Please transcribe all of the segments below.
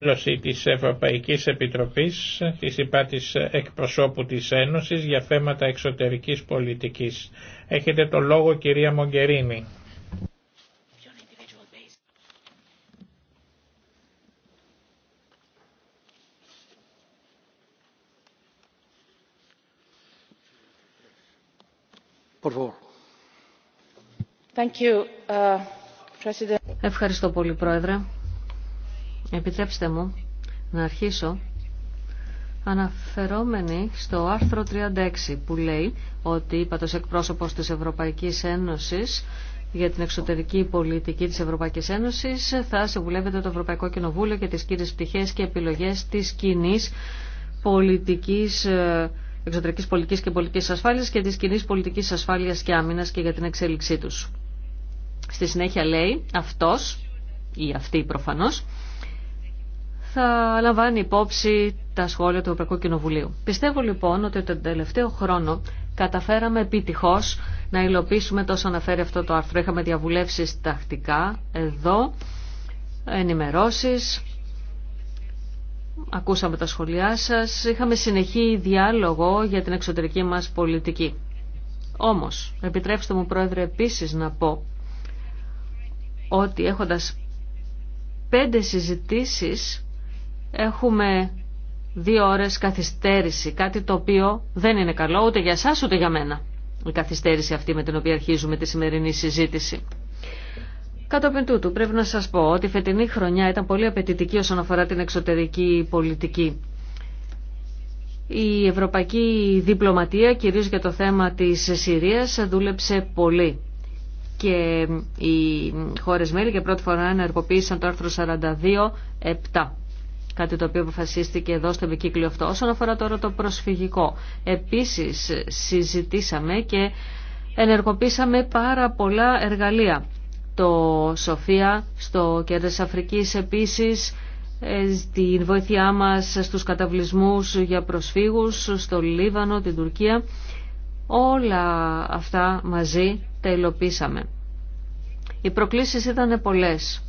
δήλωση της Ευρωπαϊκής Επιτροπής της της εκπροσώπου της Ένωσης για θέματα εξωτερικής πολιτικής. Έχετε το λόγο κυρία Μογκερίνη. Uh, Ευχαριστώ πολύ Πρόεδρε. Επιτρέψτε μου να αρχίσω αναφερόμενοι στο άρθρο 36 που λέει ότι είπα το εκπρόσωπος της Ευρωπαϊκής Ένωσης για την εξωτερική πολιτική της Ευρωπαϊκής Ένωσης θα συμβουλεύεται το Ευρωπαϊκό Κοινοβούλιο για τις κύριες πτυχές και επιλογές της κοινή πολιτικής ε, εξωτερικής πολιτικής και πολιτικής ασφάλειας και της κοινή πολιτικής ασφάλειας και άμυνας και για την εξέλιξή τους. Στη συνέχεια λέει αυτός ή αυτή προφανώς θα λαμβάνει υπόψη τα σχόλια του Ευρωπαϊκού Κοινοβουλίου. Πιστεύω λοιπόν ότι τον τελευταίο χρόνο καταφέραμε επιτυχώς να υλοποιήσουμε τόσο αναφέρει αυτό το άρθρο. Είχαμε διαβουλεύσεις τακτικά εδώ, ενημερώσεις, ακούσαμε τα σχολιά σας, είχαμε συνεχή διάλογο για την εξωτερική μας πολιτική. Όμως, επιτρέψτε μου Πρόεδρε επίσης να πω ότι έχοντας πέντε συζητήσεις έχουμε δύο ώρες καθυστέρηση, κάτι το οποίο δεν είναι καλό ούτε για εσάς ούτε για μένα. Η καθυστέρηση αυτή με την οποία αρχίζουμε τη σημερινή συζήτηση. Κατόπιν τούτου πρέπει να σας πω ότι η φετινή χρονιά ήταν πολύ απαιτητική όσον αφορά την εξωτερική πολιτική. Η ευρωπαϊκή διπλωματία, κυρίως για το θέμα της Συρίας, δούλεψε πολύ. Και οι χώρες μέλη για πρώτη φορά ενεργοποίησαν το άρθρο 42-7 κάτι το οποίο αποφασίστηκε εδώ στο επικύκλιο αυτό. Όσον αφορά τώρα το προσφυγικό, επίσης συζητήσαμε και ενεργοποίησαμε πάρα πολλά εργαλεία. Το Σοφία, στο κέντρο της Αφρικής επίσης, ε, την βοήθειά μας στους καταβλισμούς για προσφύγους, στο Λίβανο, την Τουρκία. Όλα αυτά μαζί τα υλοποίησαμε. Οι προκλήσεις ήταν πολλές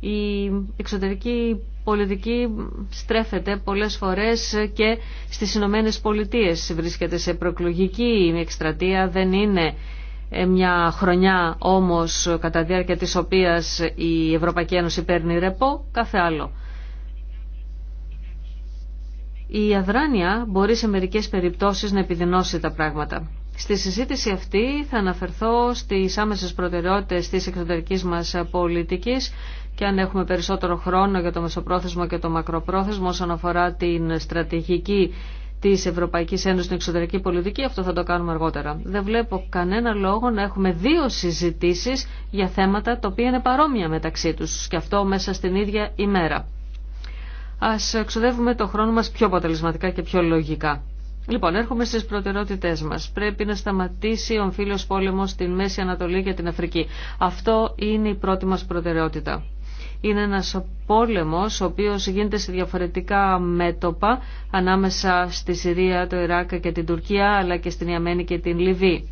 η εξωτερική πολιτική στρέφεται πολλές φορές και στις Ηνωμένε Πολιτείε βρίσκεται σε προεκλογική εκστρατεία, δεν είναι ε, μια χρονιά όμως κατά διάρκεια της οποίας η Ευρωπαϊκή Ένωση παίρνει ρεπό, κάθε άλλο. Η αδράνεια μπορεί σε μερικές περιπτώσεις να επιδεινώσει τα πράγματα. Στη συζήτηση αυτή θα αναφερθώ στις άμεσες προτεραιότητες της εξωτερικής μας πολιτικής και αν έχουμε περισσότερο χρόνο για το μεσοπρόθεσμο και το μακροπρόθεσμο όσον αφορά την στρατηγική τη Ευρωπαϊκή Ένωση στην εξωτερική πολιτική, αυτό θα το κάνουμε αργότερα. Δεν βλέπω κανένα λόγο να έχουμε δύο συζητήσει για θέματα τα οποία είναι παρόμοια μεταξύ του και αυτό μέσα στην ίδια ημέρα. Α εξοδεύουμε το χρόνο μα πιο αποτελεσματικά και πιο λογικά. Λοιπόν, έρχομαι στι προτεραιότητέ μα. Πρέπει να σταματήσει ο εμφύλιο πόλεμο στην Μέση Ανατολή και την Αφρική. Αυτό είναι η πρώτη μα προτεραιότητα. Είναι ένας πόλεμος ο οποίος γίνεται σε διαφορετικά μέτωπα ανάμεσα στη Συρία, το Ιράκ και την Τουρκία αλλά και στην Ιαμένη και την Λιβύη.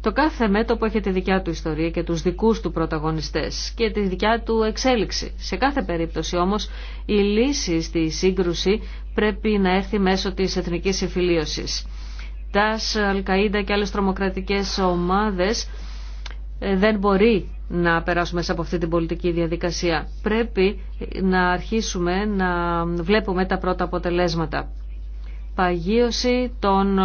Το κάθε μέτωπο έχει τη δικιά του ιστορία και τους δικούς του πρωταγωνιστές και τη δικιά του εξέλιξη. Σε κάθε περίπτωση όμως η λύση στη σύγκρουση πρέπει να έρθει μέσω της εθνικής συμφιλίωσης. Τας, αλκαΐδα και άλλες τρομοκρατικές ομάδες ε, δεν μπορεί να περάσουμε μέσα από αυτή την πολιτική διαδικασία. Πρέπει να αρχίσουμε να βλέπουμε τα πρώτα αποτελέσματα. Παγίωση των ε,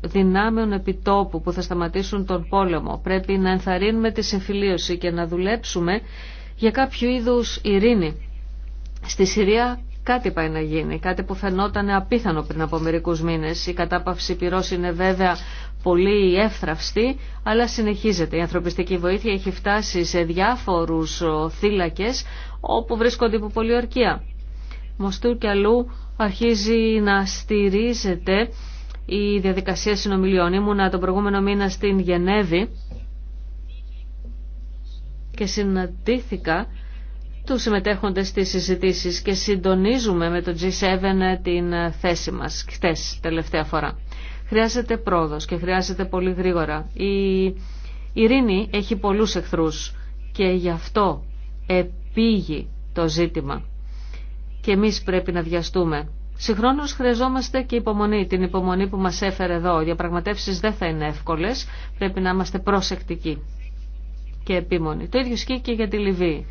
δυνάμεων επιτόπου που θα σταματήσουν τον πόλεμο. Πρέπει να ενθαρρύνουμε τη συμφιλίωση και να δουλέψουμε για κάποιο είδους ειρήνη. Στη Συρία κάτι πάει να γίνει, κάτι που φαινόταν απίθανο πριν από μερικούς μήνες. Η κατάπαυση πυρός είναι βέβαια πολύ εύθραυστη, αλλά συνεχίζεται. Η ανθρωπιστική βοήθεια έχει φτάσει σε διάφορους θύλακες όπου βρίσκονται υπό πολιορκία. Μοστού και αλλού αρχίζει να στηρίζεται η διαδικασία συνομιλιών. Ήμουνα τον προηγούμενο μήνα στην Γενέβη και συναντήθηκα τους συμμετέχοντες στις συζητήσεις και συντονίζουμε με το G7 την θέση μας χτες τελευταία φορά. Χρειάζεται πρόοδος και χρειάζεται πολύ γρήγορα. Η ειρήνη έχει πολλούς εχθρούς και γι' αυτό επίγει το ζήτημα. Και εμείς πρέπει να βιαστούμε. Συγχρόνω χρειαζόμαστε και υπομονή, την υπομονή που μας έφερε εδώ. Οι διαπραγματεύσει δεν θα είναι εύκολες, πρέπει να είμαστε προσεκτικοί και επίμονοι. Το ίδιο σκεί και για τη Λιβύη.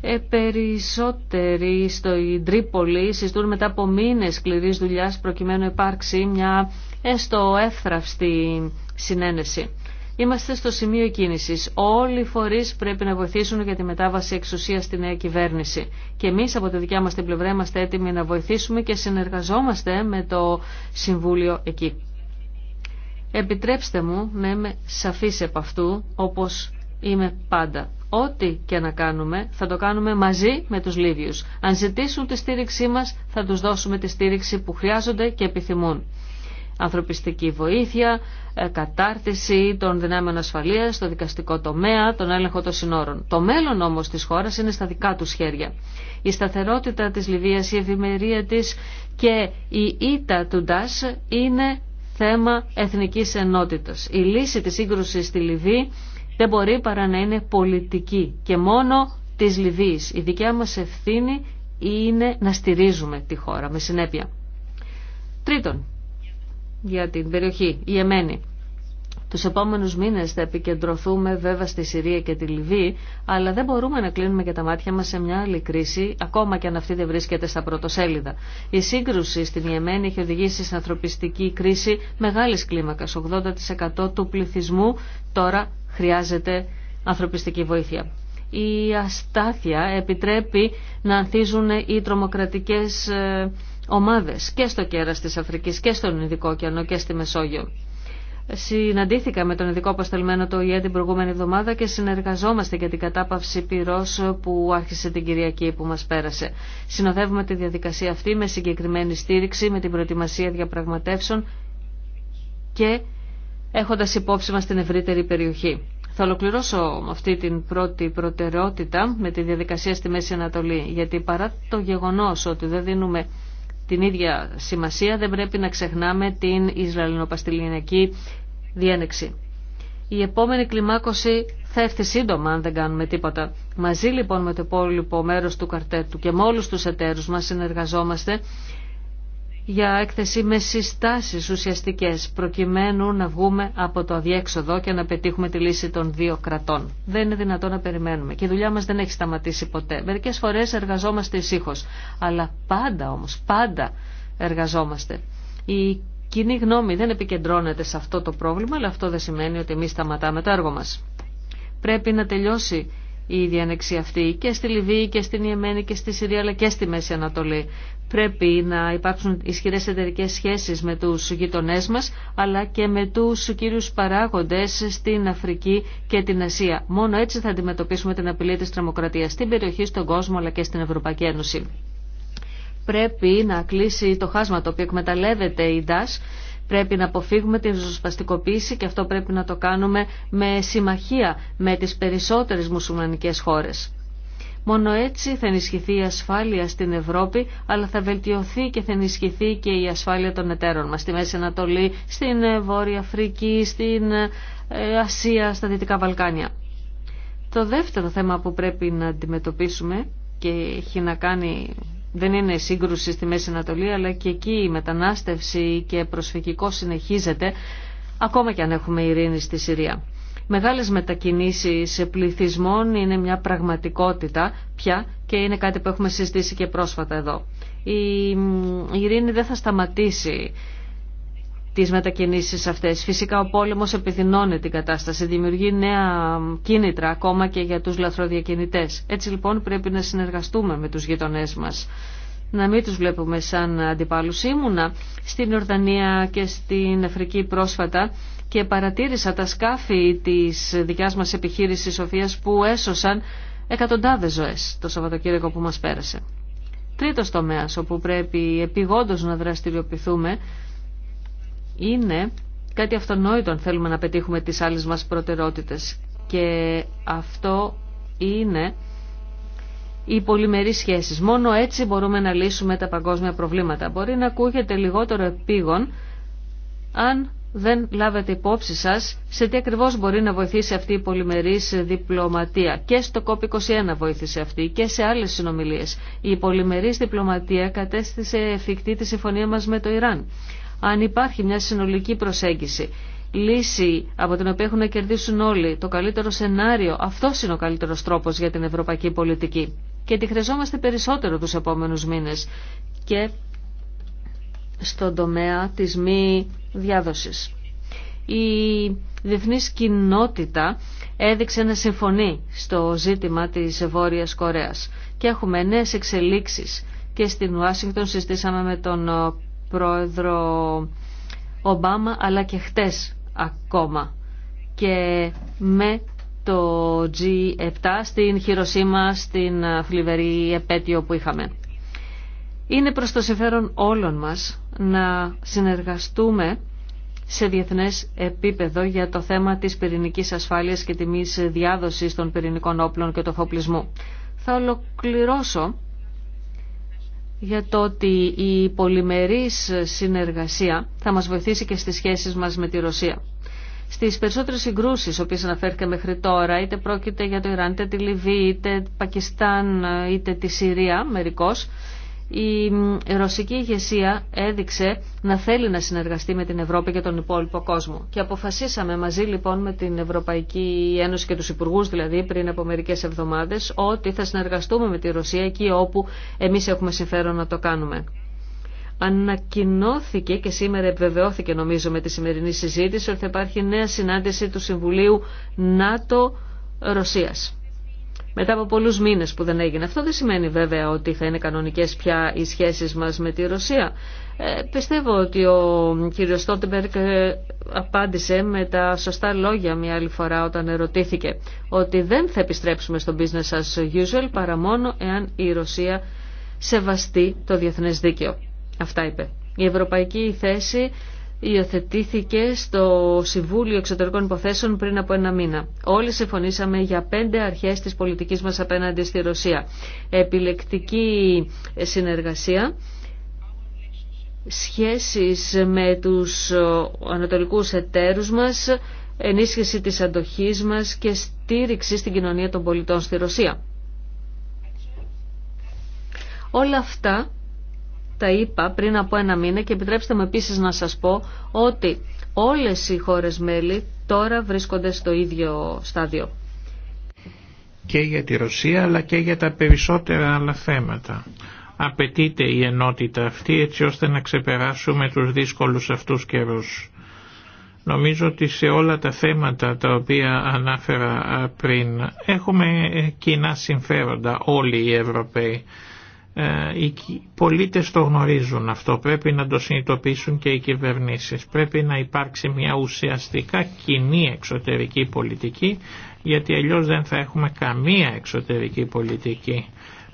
Ε, περισσότεροι στο Ιντρίπολη συζητούν μετά από μήνες σκληρής δουλειάς προκειμένου υπάρξει μια έστω εύθραυστη συνένεση. Είμαστε στο σημείο κίνησης. Όλοι οι φορείς πρέπει να βοηθήσουν για τη μετάβαση εξουσία στη νέα κυβέρνηση. Και εμείς από τη δικιά μας την πλευρά είμαστε έτοιμοι να βοηθήσουμε και συνεργαζόμαστε με το Συμβούλιο εκεί. Επιτρέψτε μου να είμαι σαφής επ' αυτού όπως είμαι πάντα. Ό,τι και να κάνουμε θα το κάνουμε μαζί με τους Λίβιους. Αν ζητήσουν τη στήριξή μας θα τους δώσουμε τη στήριξη που χρειάζονται και επιθυμούν ανθρωπιστική βοήθεια, ε, κατάρτιση των δυνάμεων ασφαλείας, στο δικαστικό τομέα, τον έλεγχο των συνόρων. Το μέλλον όμως της χώρας είναι στα δικά τους χέρια. Η σταθερότητα της Λιβύης, η ευημερία της και η ήττα του Ντάς είναι θέμα εθνικής ενότητας. Η λύση της σύγκρουσης στη Λιβύη δεν μπορεί παρά να είναι πολιτική και μόνο της Λιβύης. Η δικιά μας ευθύνη είναι να στηρίζουμε τη χώρα με συνέπεια. Τρίτον, για την περιοχή, η Εμένη. Τους επόμενους μήνες θα επικεντρωθούμε βέβαια στη Συρία και τη Λιβύη, αλλά δεν μπορούμε να κλείνουμε και τα μάτια μας σε μια άλλη κρίση, ακόμα και αν αυτή δεν βρίσκεται στα πρωτοσέλιδα. Η σύγκρουση στην Ιεμένη έχει οδηγήσει στην ανθρωπιστική κρίση μεγάλης κλίμακας. 80% του πληθυσμού τώρα χρειάζεται ανθρωπιστική βοήθεια. Η αστάθεια επιτρέπει να ανθίζουν οι τρομοκρατικές ε, Ομάδε και στο κέρας της Αφρικής και στον Ειδικό ωκεανό και στη Μεσόγειο. Συναντήθηκα με τον ειδικό αποστολμένο του ΙΕ την προηγούμενη εβδομάδα και συνεργαζόμαστε για την κατάπαυση πυρό που άρχισε την Κυριακή που μα πέρασε. Συνοδεύουμε τη διαδικασία αυτή με συγκεκριμένη στήριξη, με την προετοιμασία διαπραγματεύσεων και έχοντα υπόψη μα την ευρύτερη περιοχή. Θα ολοκληρώσω αυτή την πρώτη προτεραιότητα με τη διαδικασία στη Μέση Ανατολή, γιατί παρά το γεγονό ότι δεν δίνουμε την ίδια σημασία δεν πρέπει να ξεχνάμε την Ισραηλινοπαστηλιανική διένεξη. Η επόμενη κλιμάκωση θα έρθει σύντομα αν δεν κάνουμε τίποτα. Μαζί λοιπόν με το υπόλοιπο μέρος του καρτέτου και με όλους τους εταίρους μας συνεργαζόμαστε για έκθεση με συστάσεις ουσιαστικές προκειμένου να βγούμε από το αδιέξοδο και να πετύχουμε τη λύση των δύο κρατών. Δεν είναι δυνατόν να περιμένουμε και η δουλειά μας δεν έχει σταματήσει ποτέ. Μερικές φορές εργαζόμαστε ησύχως, αλλά πάντα όμως, πάντα εργαζόμαστε. Η κοινή γνώμη δεν επικεντρώνεται σε αυτό το πρόβλημα, αλλά αυτό δεν σημαίνει ότι εμείς σταματάμε το έργο μας. Πρέπει να τελειώσει η διανεξία αυτή και στη Λιβύη και στην Ιεμένη και στη Συρία αλλά και στη Μέση Ανατολή. Πρέπει να υπάρξουν ισχυρές εταιρικές σχέσεις με τους γειτονές μας, αλλά και με τους κύριους παράγοντες στην Αφρική και την Ασία. Μόνο έτσι θα αντιμετωπίσουμε την απειλή της τρομοκρατία, στην περιοχή, στον κόσμο, αλλά και στην Ευρωπαϊκή Ένωση. Πρέπει να κλείσει το χάσμα το οποίο εκμεταλλεύεται η ΔΑΣ πρέπει να αποφύγουμε τη ζωσπαστικοποίηση και αυτό πρέπει να το κάνουμε με συμμαχία με τις περισσότερες μουσουλμανικές χώρες. Μόνο έτσι θα ενισχυθεί η ασφάλεια στην Ευρώπη, αλλά θα βελτιωθεί και θα ενισχυθεί και η ασφάλεια των εταίρων μας στη Μέση Ανατολή, στην ε, Βόρεια Αφρική, στην ε, ε, Ασία, στα Δυτικά Βαλκάνια. Το δεύτερο θέμα που πρέπει να αντιμετωπίσουμε και έχει να κάνει δεν είναι σύγκρουση στη Μέση Ανατολή, αλλά και εκεί η μετανάστευση και προσφυγικό συνεχίζεται, ακόμα και αν έχουμε ειρήνη στη Συρία. Μεγάλες μετακινήσεις πληθυσμών είναι μια πραγματικότητα πια και είναι κάτι που έχουμε συζητήσει και πρόσφατα εδώ. Η, ειρήνη δεν θα σταματήσει τις μετακινήσεις αυτές. Φυσικά ο πόλεμος επιδεινώνει την κατάσταση, δημιουργεί νέα κίνητρα ακόμα και για τους λαθροδιακινητές. Έτσι λοιπόν πρέπει να συνεργαστούμε με τους γειτονές μας να μην τους βλέπουμε σαν αντιπάλους ήμουνα στην Ορδανία και στην Αφρική πρόσφατα και παρατήρησα τα σκάφη της δικιάς μας επιχείρησης Σοφίας που έσωσαν εκατοντάδες ζωές το Σαββατοκύριακο που μας πέρασε. Τρίτος τομέας όπου πρέπει επιγόντως να δραστηριοποιηθούμε είναι κάτι αυτονόητο αν θέλουμε να πετύχουμε τις άλλες μας προτεραιότητες και αυτό είναι οι πολυμερείς σχέσεις. Μόνο έτσι μπορούμε να λύσουμε τα παγκόσμια προβλήματα. Μπορεί να ακούγεται λιγότερο επίγον αν δεν λάβετε υπόψη σα σε τι ακριβώ μπορεί να βοηθήσει αυτή η πολυμερής διπλωματία. Και στο COP21 βοήθησε αυτή και σε άλλες συνομιλίες. Η πολυμερή διπλωματία κατέστησε εφικτή τη συμφωνία μας με το Ιράν. Αν υπάρχει μια συνολική προσέγγιση, λύση από την οποία έχουν να κερδίσουν όλοι, το καλύτερο σενάριο, αυτό είναι ο καλύτερο τρόπο για την ευρωπαϊκή πολιτική. Και τη χρειαζόμαστε περισσότερο του επόμενου μήνε στον τομέα της μη διάδοσης. Η διεθνή κοινότητα έδειξε να συμφωνεί στο ζήτημα της Βόρειας Κορέας και έχουμε νέες εξελίξεις και στην Ουάσιγκτον συστήσαμε με τον πρόεδρο Ομπάμα αλλά και χτες ακόμα και με το G7 στην Χειροσύμα στην φλιβερή επέτειο που είχαμε. Είναι προς το συμφέρον όλων μας να συνεργαστούμε σε διεθνές επίπεδο για το θέμα της πυρηνικής ασφάλειας και μης διάδοσης των πυρηνικών όπλων και του αφοπλισμού. Θα ολοκληρώσω για το ότι η πολυμερής συνεργασία θα μας βοηθήσει και στις σχέσεις μας με τη Ρωσία. Στις περισσότερες συγκρούσεις, οποίες αναφέρθηκα μέχρι τώρα, είτε πρόκειται για το Ιράν, είτε τη Λιβύη, είτε Πακιστάν, είτε τη Συρία μερικώς, η ρωσική ηγεσία έδειξε να θέλει να συνεργαστεί με την Ευρώπη και τον υπόλοιπο κόσμο. Και αποφασίσαμε μαζί λοιπόν με την Ευρωπαϊκή Ένωση και τους Υπουργούς δηλαδή πριν από μερικές εβδομάδες ότι θα συνεργαστούμε με τη Ρωσία εκεί όπου εμείς έχουμε συμφέρον να το κάνουμε. Ανακοινώθηκε και σήμερα επιβεβαιώθηκε νομίζω με τη σημερινή συζήτηση ότι θα υπάρχει νέα συνάντηση του Συμβουλίου ΝΑΤΟ Ρωσίας μετά από πολλούς μήνες που δεν έγινε. Αυτό δεν σημαίνει βέβαια ότι θα είναι κανονικές πια οι σχέσεις μας με τη Ρωσία. Ε, πιστεύω ότι ο κύριος Στόντεμπερκ ε, απάντησε με τα σωστά λόγια μια άλλη φορά όταν ερωτήθηκε ότι δεν θα επιστρέψουμε στο business as usual παρά μόνο εάν η Ρωσία σεβαστεί το διεθνές δίκαιο. Αυτά είπε. Η ευρωπαϊκή θέση υιοθετήθηκε στο Συμβούλιο Εξωτερικών Υποθέσεων πριν από ένα μήνα. Όλοι συμφωνήσαμε για πέντε αρχές της πολιτικής μας απέναντι στη Ρωσία. Επιλεκτική συνεργασία, σχέσεις με τους ανατολικούς εταίρους μας, ενίσχυση της αντοχής μας και στήριξη στην κοινωνία των πολιτών στη Ρωσία. Όλα αυτά τα είπα πριν από ένα μήνα και επιτρέψτε μου επίσης να σας πω ότι όλες οι χώρες μέλη τώρα βρίσκονται στο ίδιο στάδιο. Και για τη Ρωσία αλλά και για τα περισσότερα άλλα θέματα. Απαιτείται η ενότητα αυτή έτσι ώστε να ξεπεράσουμε τους δύσκολους αυτούς καιρούς. Νομίζω ότι σε όλα τα θέματα τα οποία ανάφερα πριν έχουμε κοινά συμφέροντα όλοι οι Ευρωπαίοι. Ε, οι πολίτες το γνωρίζουν αυτό, πρέπει να το συνειδητοποιήσουν και οι κυβερνήσεις. Πρέπει να υπάρξει μια ουσιαστικά κοινή εξωτερική πολιτική, γιατί αλλιώς δεν θα έχουμε καμία εξωτερική πολιτική.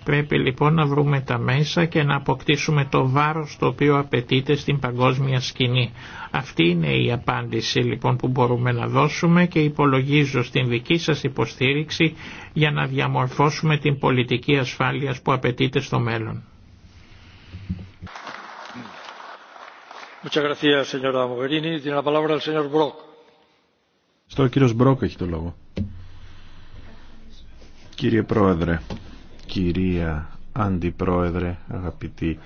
Πρέπει λοιπόν να βρούμε τα μέσα και να αποκτήσουμε το βάρος το οποίο απαιτείται στην παγκόσμια σκηνή. Αυτή είναι η απάντηση λοιπόν που μπορούμε να δώσουμε και υπολογίζω στην δική σας υποστήριξη για να διαμορφώσουμε την πολιτική ασφάλειας που απαιτείται στο μέλλον. Στο Μπρόκ έχει το λόγο. Κύριε Πρόεδρε, κυρία Αντιπρόεδρε, αγαπητοί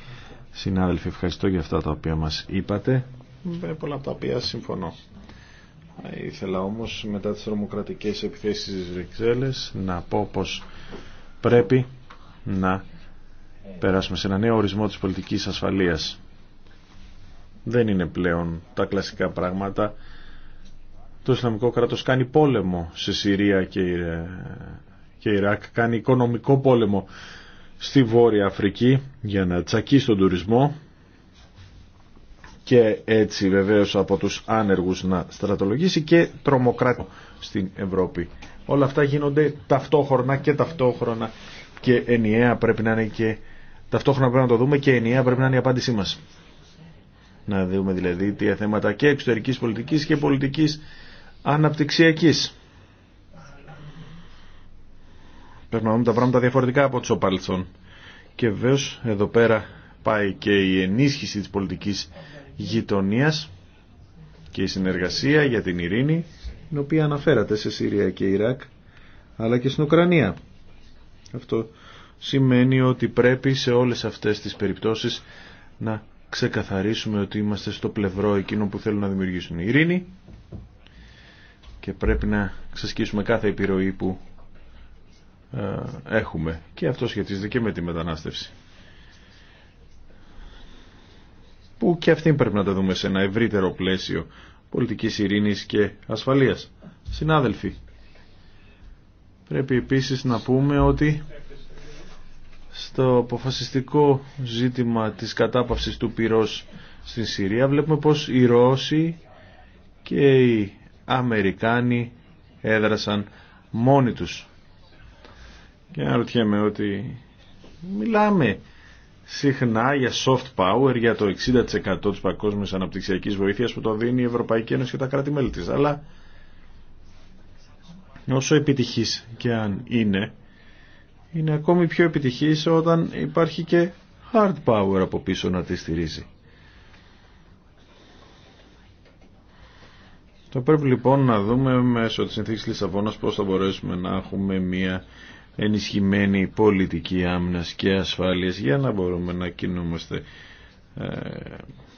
συνάδελφοι, ευχαριστώ για αυτά τα οποία μας είπατε. Με πολλά από τα οποία συμφωνώ. Ε, ήθελα όμως μετά τις τρομοκρατικές επιθέσεις της Βρυξέλλες να πω πως πρέπει να περάσουμε σε ένα νέο ορισμό της πολιτικής ασφαλείας. Δεν είναι πλέον τα κλασικά πράγματα. Το Ισλαμικό κράτος κάνει πόλεμο σε Συρία και ε, και Ιράκ κάνει οικονομικό πόλεμο στη Βόρεια Αφρική για να τσακίσει τον τουρισμό και έτσι βεβαίως από τους άνεργους να στρατολογήσει και τρομοκράτη στην Ευρώπη. Όλα αυτά γίνονται ταυτόχρονα και ταυτόχρονα και ενιαία πρέπει να είναι και ταυτόχρονα πρέπει να το δούμε και ενιαία πρέπει να είναι η απάντησή μας. Να δούμε δηλαδή τι θέματα και εξωτερικής πολιτικής και πολιτικής αναπτυξιακής. περνάμε τα πράγματα διαφορετικά από του παρελθόν. Και βεβαίω εδώ πέρα πάει και η ενίσχυση της πολιτικής γειτονίας και η συνεργασία για την ειρήνη, την οποία αναφέρατε σε Συρία και Ιράκ, αλλά και στην Ουκρανία. Αυτό σημαίνει ότι πρέπει σε όλες αυτές τις περιπτώσεις να ξεκαθαρίσουμε ότι είμαστε στο πλευρό εκείνων που θέλουν να δημιουργήσουν ειρήνη και πρέπει να ξεσκίσουμε κάθε επιρροή που ε, έχουμε. Και αυτό σχετίζεται και με τη μετανάστευση. Που και αυτήν πρέπει να τα δούμε σε ένα ευρύτερο πλαίσιο πολιτικής ειρήνης και ασφαλείας. Συνάδελφοι, πρέπει επίσης να πούμε ότι στο αποφασιστικό ζήτημα της κατάπαυσης του πυρός στην Συρία βλέπουμε πως οι Ρώσοι και οι Αμερικάνοι έδρασαν μόνοι τους και αναρωτιέμαι ότι μιλάμε συχνά για soft power, για το 60% της παγκόσμιας αναπτυξιακής βοήθειας που το δίνει η Ευρωπαϊκή Ένωση και τα κράτη-μέλη της. Αλλά όσο επιτυχής και αν είναι, είναι ακόμη πιο επιτυχής όταν υπάρχει και hard power από πίσω να τη στηρίζει. Το πρέπει λοιπόν να δούμε μέσω της συνθήκης Λισαβόνας πώς θα μπορέσουμε να έχουμε μια ενισχυμένη πολιτική άμυνας και ασφάλειας για να μπορούμε να κινούμαστε ε,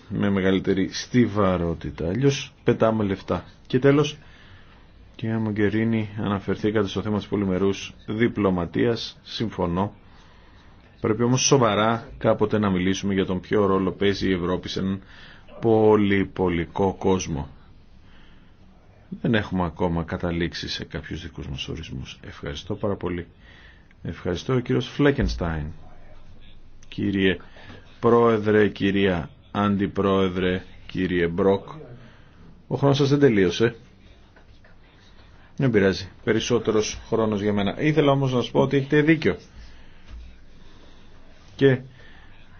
με μεγαλύτερη στιβαρότητα. Αλλιώ πετάμε λεφτά. Και τέλος, κυρία Μογκερίνη, αναφερθήκατε στο θέμα της πολυμερούς διπλωματίας. Συμφωνώ. Πρέπει όμως σοβαρά κάποτε να μιλήσουμε για τον ποιο ρόλο παίζει η Ευρώπη σε έναν πολυπολικό κόσμο. Δεν έχουμε ακόμα καταλήξει σε κάποιους δικούς μας ορισμούς. Ευχαριστώ πάρα πολύ. Ευχαριστώ. Ο κύριος Φλέκενστάιν. Κύριε Πρόεδρε, κυρία Αντιπρόεδρε, κύριε Μπροκ. Ο χρόνος σας δεν τελείωσε. Δεν πειράζει. Περισσότερος χρόνος για μένα. Ήθελα όμως να σας πω ότι έχετε δίκιο. Και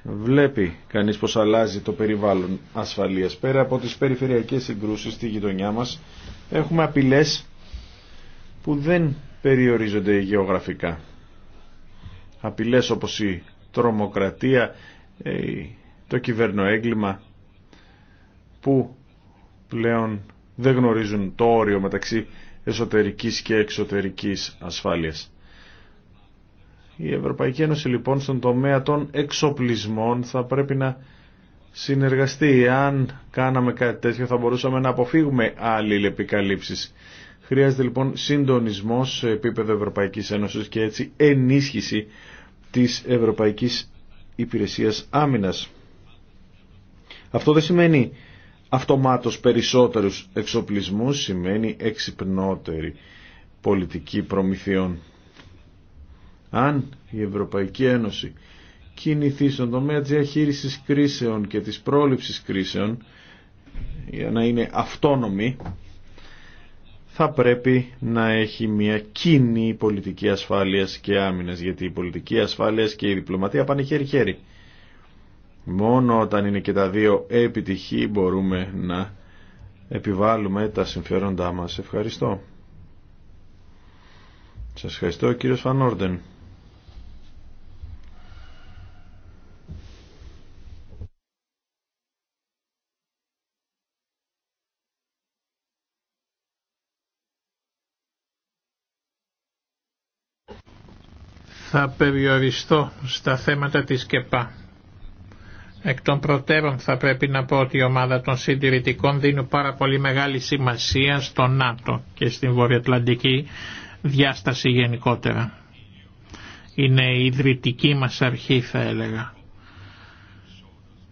βλέπει κανείς πως αλλάζει το περιβάλλον ασφαλείας. Πέρα από τις περιφερειακές συγκρούσεις στη γειτονιά μας έχουμε απειλές που δεν περιορίζονται γεωγραφικά απειλές όπως η τρομοκρατία, ε, το κυβερνοέγκλημα που πλέον δεν γνωρίζουν το όριο μεταξύ εσωτερικής και εξωτερικής ασφάλειας. Η Ευρωπαϊκή Ένωση λοιπόν στον τομέα των εξοπλισμών θα πρέπει να συνεργαστεί. Αν κάναμε κάτι τέτοιο θα μπορούσαμε να αποφύγουμε άλλη επικαλύψεις. Χρειάζεται λοιπόν συντονισμός σε επίπεδο Ευρωπαϊκής Ένωσης και έτσι ενίσχυση της Ευρωπαϊκής Υπηρεσίας Άμυνας. Αυτό δεν σημαίνει αυτομάτως περισσότερους εξοπλισμούς, σημαίνει εξυπνότερη πολιτική προμηθειών. Αν η Ευρωπαϊκή Ένωση κινηθεί στον τομέα της διαχείρισης κρίσεων και της πρόληψης κρίσεων για να είναι αυτόνομη θα πρέπει να έχει μια κοινή πολιτική ασφάλειας και άμυνας, γιατί η πολιτική ασφάλειας και η διπλωματία πάνε χέρι-χέρι. Μόνο όταν είναι και τα δύο επιτυχή μπορούμε να επιβάλλουμε τα συμφέροντά μας. Ευχαριστώ. Σας ευχαριστώ κύριος Φανόρντεν. θα περιοριστώ στα θέματα της ΚΕΠΑ. Εκ των προτέρων θα πρέπει να πω ότι η ομάδα των συντηρητικών δίνει πάρα πολύ μεγάλη σημασία στο ΝΑΤΟ και στην βορειοατλαντική διάσταση γενικότερα. Είναι η ιδρυτική μας αρχή θα έλεγα.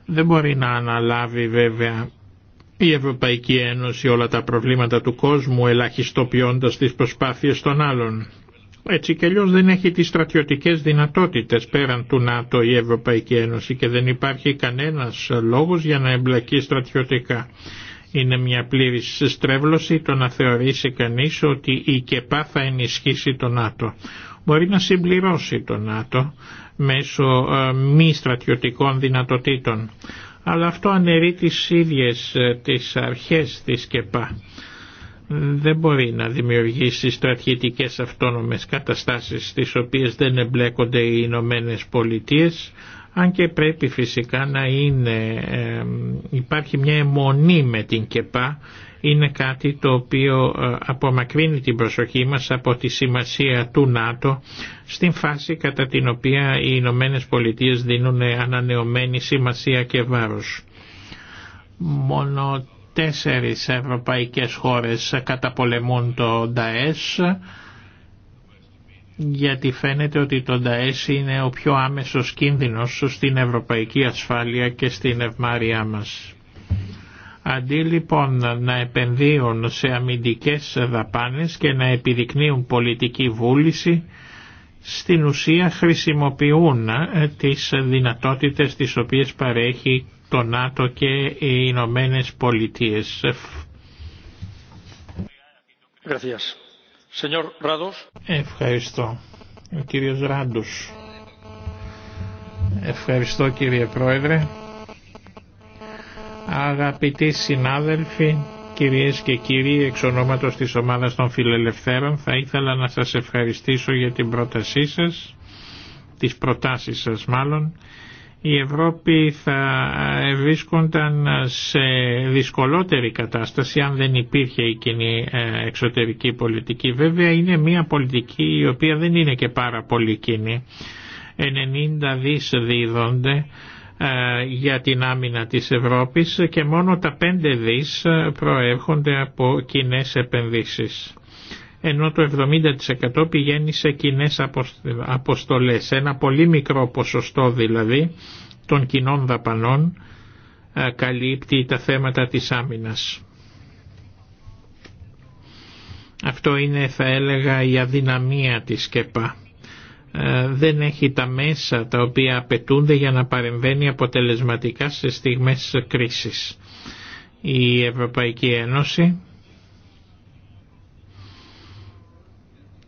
Δεν μπορεί να αναλάβει βέβαια η Ευρωπαϊκή Ένωση όλα τα προβλήματα του κόσμου ελαχιστοποιώντας τις προσπάθειες των άλλων. Έτσι κι αλλιώς δεν έχει τις στρατιωτικές δυνατότητες πέραν του ΝΑΤΟ η Ευρωπαϊκή Ένωση και δεν υπάρχει κανένας λόγος για να εμπλακεί στρατιωτικά. Είναι μια πλήρη στρέβλωση το να θεωρήσει κανείς ότι η ΚΕΠΑ θα ενισχύσει το ΝΑΤΟ. Μπορεί να συμπληρώσει το ΝΑΤΟ μέσω ε, μη στρατιωτικών δυνατοτήτων. Αλλά αυτό αναιρεί τις ίδιες ε, τις αρχές της ΚΕΠΑ δεν μπορεί να δημιουργήσει στρατιωτικές αυτόνομες καταστάσεις στις οποίες δεν εμπλέκονται οι Ηνωμένε Πολιτείε, αν και πρέπει φυσικά να είναι, υπάρχει μια αιμονή με την ΚΕΠΑ, είναι κάτι το οποίο ε, απομακρύνει την προσοχή μας από τη σημασία του ΝΑΤΟ στην φάση κατά την οποία οι Ηνωμένε Πολιτείε δίνουν ανανεωμένη σημασία και βάρος. Μόνο Τέσσερις ευρωπαϊκές χώρες καταπολεμούν το ΝΤΑΕΣ γιατί φαίνεται ότι το ΝΤΑΕΣ είναι ο πιο άμεσος κίνδυνος στην ευρωπαϊκή ασφάλεια και στην ευμάρειά μας. Αντί λοιπόν να επενδύουν σε αμυντικές δαπάνες και να επιδεικνύουν πολιτική βούληση, στην ουσία χρησιμοποιούν ε, τις δυνατότητες τις οποίες παρέχει το ΝΑΤΟ και οι Ηνωμένε Πολιτείε. Ευχαριστώ. Ο κύριος Ευχαριστώ κύριε Πρόεδρε. Αγαπητοί συνάδελφοι, κυρίες και κύριοι, εξ ονόματος της ομάδας των φιλελευθέρων θα ήθελα να σας ευχαριστήσω για την πρότασή σας, τις προτάσεις σας μάλλον, η Ευρώπη θα βρίσκονταν σε δυσκολότερη κατάσταση αν δεν υπήρχε η κοινή ε, εξωτερική πολιτική. Βέβαια είναι μια πολιτική η οποία δεν είναι και πάρα πολύ κοινή. 90 δις δίδονται ε, για την άμυνα της Ευρώπης και μόνο τα 5 δις προέρχονται από κοινέ επενδύσεις ενώ το 70% πηγαίνει σε κοινέ αποστολές. Ένα πολύ μικρό ποσοστό δηλαδή των κοινών δαπανών ε, καλύπτει τα θέματα της άμυνας. Αυτό είναι θα έλεγα η αδυναμία της ΚΕΠΑ. Ε, δεν έχει τα μέσα τα οποία απαιτούνται για να παρεμβαίνει αποτελεσματικά σε στιγμές κρίσης. Η Ευρωπαϊκή Ένωση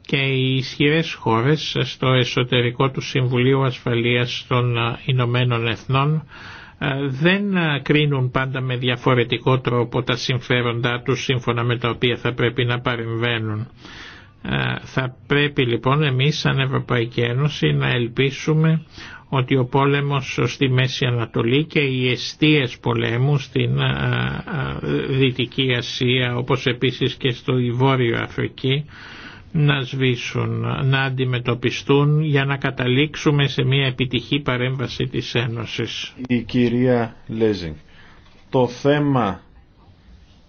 και οι ισχυρές χώρες στο εσωτερικό του Συμβουλίου Ασφαλείας των ε, Ηνωμένων Εθνών ε, δεν ε, κρίνουν πάντα με διαφορετικό τρόπο τα συμφέροντά τους σύμφωνα με τα οποία θα πρέπει να παρεμβαίνουν. Θα πρέπει λοιπόν εμείς σαν Ευρωπαϊκή Ένωση να ελπίσουμε ότι ο πόλεμος στη Μέση Ανατολή και οι αιστείες πολέμου στην Δυτική Ασία όπως επίσης και στο Βόρειο Αφρική να σβήσουν, να αντιμετωπιστούν για να καταλήξουμε σε μια επιτυχή παρέμβαση της Ένωσης. Η κυρία Λέζινγκ, το θέμα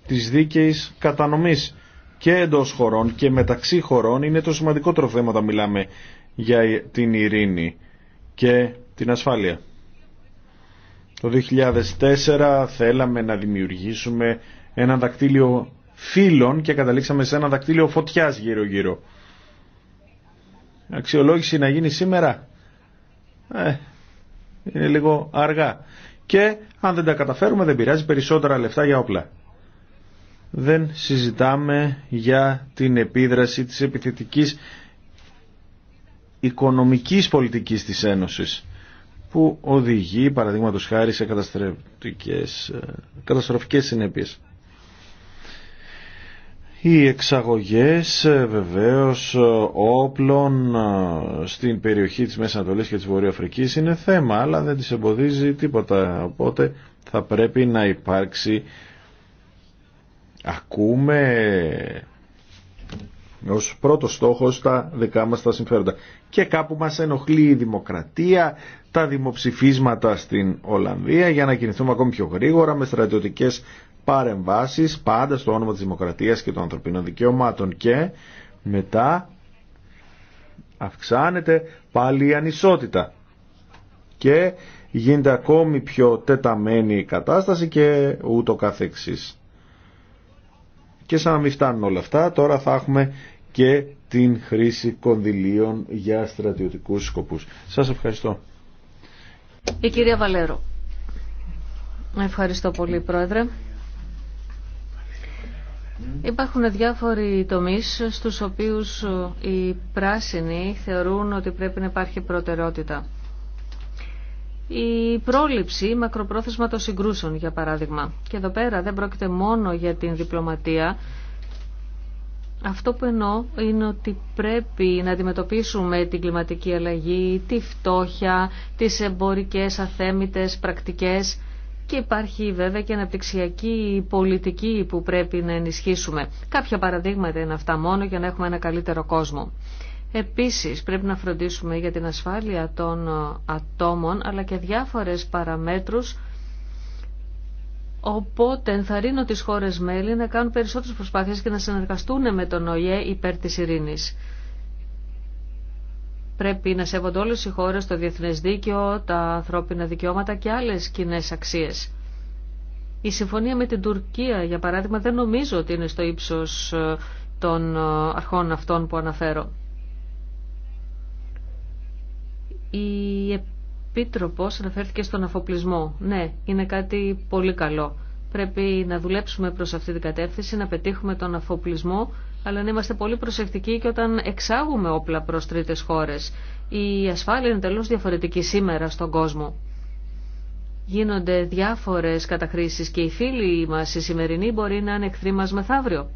της δίκαιης κατανομής και εντός χωρών και μεταξύ χωρών είναι το σημαντικότερο θέμα όταν μιλάμε για την ειρήνη και την ασφάλεια. Το 2004 θέλαμε να δημιουργήσουμε ένα δακτύλιο φίλων και καταλήξαμε σε ένα δακτύλιο φωτιάς γύρω-γύρω. Αξιολόγηση να γίνει σήμερα. Ε, είναι λίγο αργά. Και αν δεν τα καταφέρουμε δεν πειράζει περισσότερα λεφτά για όπλα. Δεν συζητάμε για την επίδραση της επιθετικής οικονομικής πολιτικής της Ένωσης που οδηγεί παραδείγματος χάρη σε καταστροφικές, ε, καταστροφικές συνέπειες οι εξαγωγές ε, βεβαίως ε, όπλων ε, στην περιοχή της Μέσης Ανατολής και της Βορειοαφρικής είναι θέμα αλλά δεν τις εμποδίζει τίποτα οπότε θα πρέπει να υπάρξει ακούμε ως πρώτο στόχος τα δικά μας τα συμφέροντα και κάπου μας ενοχλεί η δημοκρατία τα δημοψηφίσματα στην Ολλανδία για να κινηθούμε ακόμη πιο γρήγορα με στρατιωτικές παρεμβάσεις πάντα στο όνομα της δημοκρατίας και των ανθρωπίνων δικαιωμάτων και μετά αυξάνεται πάλι η ανισότητα και γίνεται ακόμη πιο τεταμένη η κατάσταση και ούτω καθεξής. Και σαν να μην φτάνουν όλα αυτά, τώρα θα έχουμε και την χρήση κονδυλίων για στρατιωτικούς σκοπούς. Σας ευχαριστώ. Η κυρία Βαλέρο. Ευχαριστώ πολύ, ε, Πρόεδρε. Υπάρχουν διάφοροι τομείς στους οποίους ε, οι πράσινοι θεωρούν ότι πρέπει να υπάρχει προτεραιότητα. Η πρόληψη μακροπρόθεσμα των συγκρούσεων, για παράδειγμα. Και εδώ πέρα δεν πρόκειται μόνο για την διπλωματία. Αυτό που εννοώ είναι ότι πρέπει να αντιμετωπίσουμε την κλιματική αλλαγή, τη φτώχεια, τις εμπορικές αθέμητες πρακτικές και υπάρχει βέβαια και αναπτυξιακή πολιτική που πρέπει να ενισχύσουμε. Κάποια παραδείγματα είναι αυτά μόνο για να έχουμε ένα καλύτερο κόσμο. Επίσης πρέπει να φροντίσουμε για την ασφάλεια των ε, ατόμων αλλά και διάφορες παραμέτρους Οπότε ενθαρρύνω τις χώρες μέλη να κάνουν περισσότερες προσπάθειες και να συνεργαστούν με τον ΟΗΕ υπέρ της ειρήνης. Πρέπει να σέβονται όλες οι χώρες το διεθνές δίκαιο, τα ανθρώπινα δικαιώματα και άλλες κοινέ αξίες. Η συμφωνία με την Τουρκία, για παράδειγμα, δεν νομίζω ότι είναι στο ύψος ε, των ε, αρχών αυτών που αναφέρω. Η Επίτροπος αναφέρθηκε στον αφοπλισμό. Ναι, είναι κάτι πολύ καλό. Πρέπει να δουλέψουμε προς αυτή την κατεύθυνση, να πετύχουμε τον αφοπλισμό αλλά να είμαστε πολύ προσεκτικοί και όταν εξάγουμε όπλα προς τρίτες χώρες. Η ασφάλεια είναι τελώς διαφορετική σήμερα στον κόσμο. Γίνονται διάφορες καταχρήσεις και οι φίλοι μας οι σημερινοί μπορεί να είναι εχθροί μας μεθαύριο.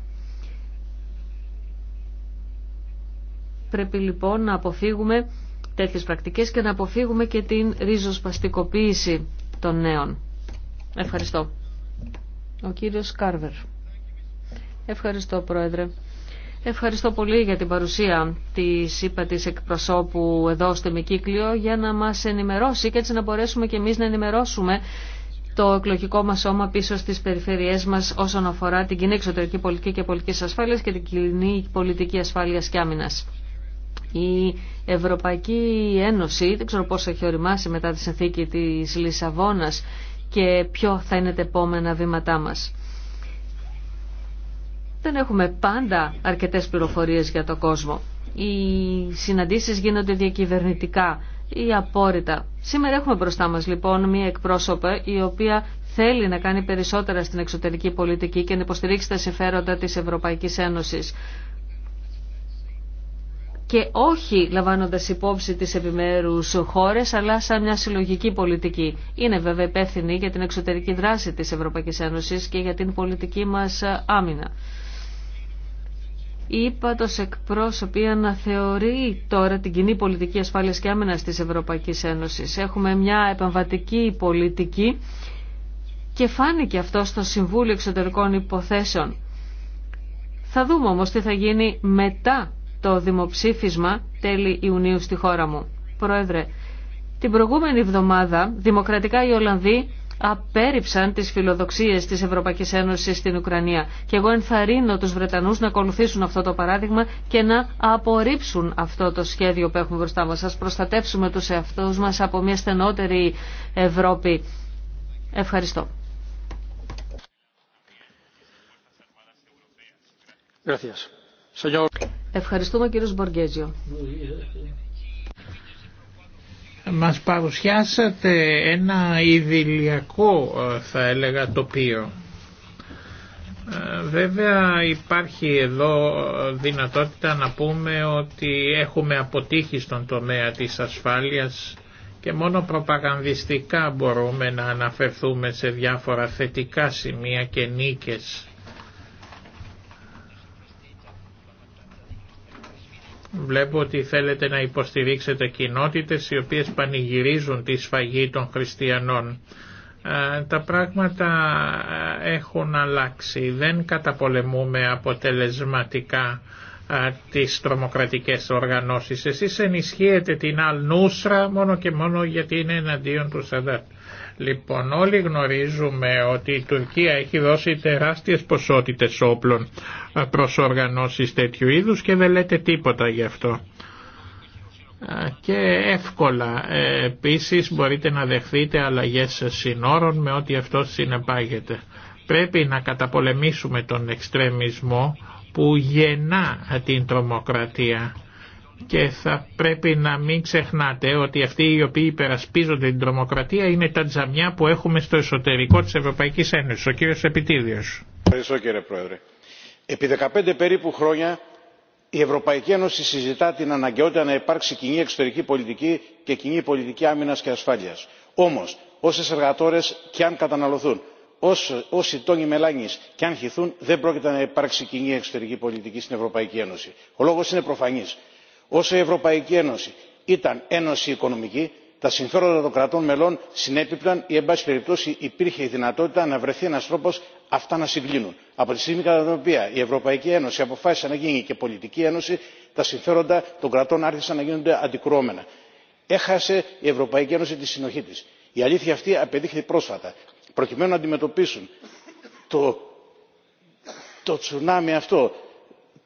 Πρέπει λοιπόν να αποφύγουμε τέτοιες πρακτικές και να αποφύγουμε και την ριζοσπαστικοποίηση των νέων. Ευχαριστώ. Ο κύριος Κάρβερ. Ευχαριστώ, Πρόεδρε. Ευχαριστώ πολύ για την παρουσία της είπα της εκπροσώπου εδώ στο Μικύκλιο για να μας ενημερώσει και έτσι να μπορέσουμε και εμείς να ενημερώσουμε το εκλογικό μα σώμα πίσω στι περιφέρειές μα όσον αφορά την κοινή εξωτερική πολιτική και πολιτική ασφάλεια και την κοινή πολιτική ασφάλεια και άμυνα. Η Ευρωπαϊκή Ένωση, δεν ξέρω πώ έχει οριμάσει μετά τη συνθήκη τη Λισαβόνα και ποιο θα είναι τα επόμενα βήματά μας δεν έχουμε πάντα αρκετές πληροφορίες για το κόσμο. Οι συναντήσεις γίνονται διακυβερνητικά ή απόρριτα. Σήμερα έχουμε μπροστά μας λοιπόν μία εκπρόσωπα η οποία θέλει να κάνει περισσότερα στην εξωτερική πολιτική και να υποστηρίξει τα συμφέροντα της Ευρωπαϊκής Ένωσης και όχι λαμβάνοντας υπόψη τις επιμέρους χώρες, αλλά σαν μια συλλογική πολιτική. Είναι βέβαια υπεύθυνη για την εξωτερική δράση της Ευρωπαϊκής Ένωσης και για την πολιτική μας άμυνα η ύπατος εκπρόσωπη αναθεωρεί τώρα την κοινή πολιτική ασφάλειας και άμυνας της Ευρωπαϊκής Ένωσης. Έχουμε μια επαμβατική πολιτική και φάνηκε αυτό στο Συμβούλιο Εξωτερικών Υποθέσεων. Θα δούμε όμως τι θα γίνει μετά το δημοψήφισμα τέλη Ιουνίου στη χώρα μου. Πρόεδρε, την προηγούμενη εβδομάδα δημοκρατικά οι Ολλανδοί απέρριψαν τις φιλοδοξίες της Ευρωπαϊκής Ένωσης στην Ουκρανία. Και εγώ ενθαρρύνω τους Βρετανούς να ακολουθήσουν αυτό το παράδειγμα και να απορρίψουν αυτό το σχέδιο που έχουμε μπροστά μας. Ας προστατεύσουμε τους εαυτούς μας από μια στενότερη Ευρώπη. Ευχαριστώ. Ευχαριστούμε κύριο Μποργέζιο. Μας παρουσιάσατε ένα ιδηλιακό ε, θα έλεγα τοπίο. Ε, βέβαια υπάρχει εδώ ε, δυνατότητα να πούμε ότι έχουμε αποτύχει στον τομέα της ασφάλειας και μόνο προπαγανδιστικά μπορούμε να αναφερθούμε σε διάφορα θετικά σημεία και νίκες Βλέπω ότι θέλετε να υποστηρίξετε κοινότητες οι οποίες πανηγυρίζουν τη σφαγή των χριστιανών. Ε, τα πράγματα ε, έχουν αλλάξει. Δεν καταπολεμούμε αποτελεσματικά ε, τις τρομοκρατικές οργανώσεις. Εσείς ενισχύετε την Αλνούσρα μόνο και μόνο γιατί είναι εναντίον του Σαντάτου. Λοιπόν, όλοι γνωρίζουμε ότι η Τουρκία έχει δώσει τεράστιες ποσότητες όπλων προς οργανώσεις τέτοιου είδους και δεν λέτε τίποτα γι' αυτό. Και εύκολα ε, επίσης μπορείτε να δεχθείτε αλλαγές συνόρων με ό,τι αυτό συνεπάγεται. Πρέπει να καταπολεμήσουμε τον εξτρεμισμό που γεννά την τρομοκρατία και θα πρέπει να μην ξεχνάτε ότι αυτοί οι οποίοι υπερασπίζονται την τρομοκρατία είναι τα τζαμιά που έχουμε στο εσωτερικό της Ευρωπαϊκής Ένωσης. Ο κύριος Επιτίδιος. Ευχαριστώ κύριε Πρόεδρε. Επί 15 περίπου χρόνια η Ευρωπαϊκή Ένωση συζητά την αναγκαιότητα να υπάρξει κοινή εξωτερική πολιτική και κοινή πολιτική άμυνας και ασφάλειας. Όμως, όσες εργατόρες και αν καταναλωθούν, όσοι τόνοι μελάνη και αν χυθούν δεν πρόκειται να υπάρξει κοινή εξωτερική πολιτική στην ευρωπαϊκή ένωση. ο λόγο είναι προφανή όσο η ευρωπαϊκή ένωση ήταν ένωση οικονομική τα συμφέροντα των κρατών μελών συνέπιπλαν ή εν πάση περιπτώσει υπήρχε η δυνατότητα να βρεθεί ένας τρόπος αυτά να συγκλίνουν. από τη στιγμή κατά την οποία η ευρωπαϊκή ένωση αποφάσισε να γίνει και ένα τρόπο των κρατών άρχισαν να γίνονται αντικρουόμενα. έχασε η ευρωπαϊκή ένωση τη συνοχή τη. η αλήθεια αυτή απεδείχθη πρόσφατα. προκειμένου να αντιμετωπίσουν το τσουνάμι αυτό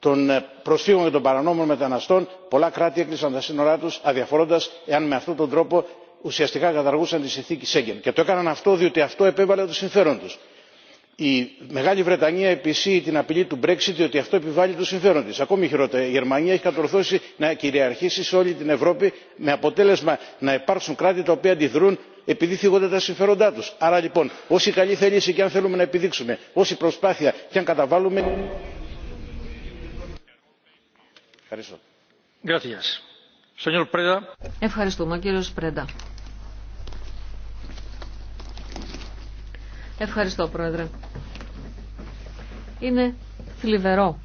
των ε, προσφύγων και των παρανόμων μεταναστών πολλά κράτη έκλεισαν τα σύνορά του αδιαφορώντα εάν με αυτόν τον τρόπο ουσιαστικά καταργούσαν τη συνθήκη σέγγεν και το έκαναν αυτό διότι αυτό επέβαλε το συμφέρον του. Η Μεγάλη Βρετανία επισύει την απειλή του Brexit διότι αυτό επιβάλλει το συμφέρον τη. Ακόμη χειρότερα, η Γερμανία έχει κατορθώσει να κυριαρχήσει σε όλη την Ευρώπη με αποτέλεσμα να υπάρξουν κράτη τα οποία αντιδρούν επειδή θίγονται τα συμφέροντά του. Άρα λοιπόν, όση καλή θέληση και αν θέλουμε να επιδείξουμε, όση προσπάθεια και αν καταβάλουμε. Ευχαριστούμε, κύριο Πρέντα. Ευχαριστώ, Πρόεδρε. Είναι θλιβερό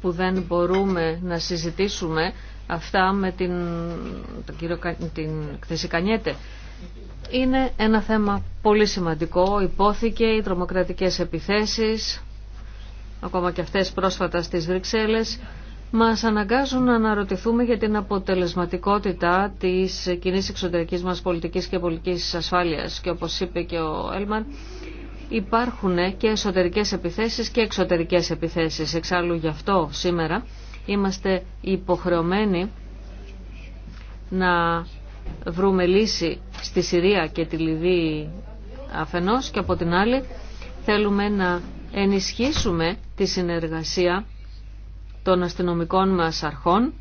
που δεν μπορούμε να συζητήσουμε αυτά με την, τον κύριο, Είναι ένα θέμα πολύ σημαντικό. Υπόθηκε οι τρομοκρατικές επιθέσεις, ακόμα και αυτές πρόσφατα στις Βρυξέλλες, μας αναγκάζουν να αναρωτηθούμε για την αποτελεσματικότητα της κοινή εξωτερικής μας πολιτικής και πολιτικής ασφάλειας. Και όπως είπε και ο Έλμαν, υπάρχουν και εσωτερικές επιθέσεις και εξωτερικές επιθέσεις. Εξάλλου γι' αυτό σήμερα είμαστε υποχρεωμένοι να βρούμε λύση στη Συρία και τη Λιβύη αφενός και από την άλλη θέλουμε να ενισχύσουμε τη συνεργασία των αστυνομικών μας αρχών,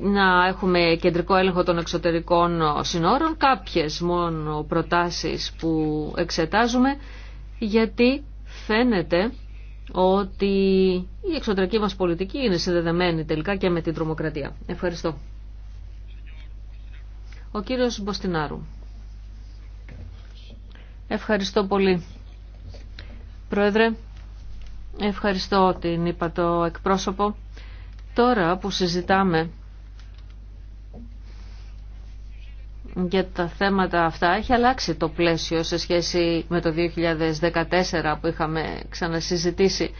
να έχουμε κεντρικό έλεγχο των εξωτερικών συνόρων, κάποιες μόνο προτάσεις που εξετάζουμε, γιατί φαίνεται ότι η εξωτερική μας πολιτική είναι συνδεδεμένη τελικά και με την τρομοκρατία. Ευχαριστώ. Ο κύριος Μποστινάρου. Ευχαριστώ πολύ. Πρόεδρε, Ευχαριστώ την είπα το εκπρόσωπο. Τώρα που συζητάμε για τα θέματα αυτά έχει αλλάξει το πλαίσιο σε σχέση με το 2014 που είχαμε ξανασυζητήσει.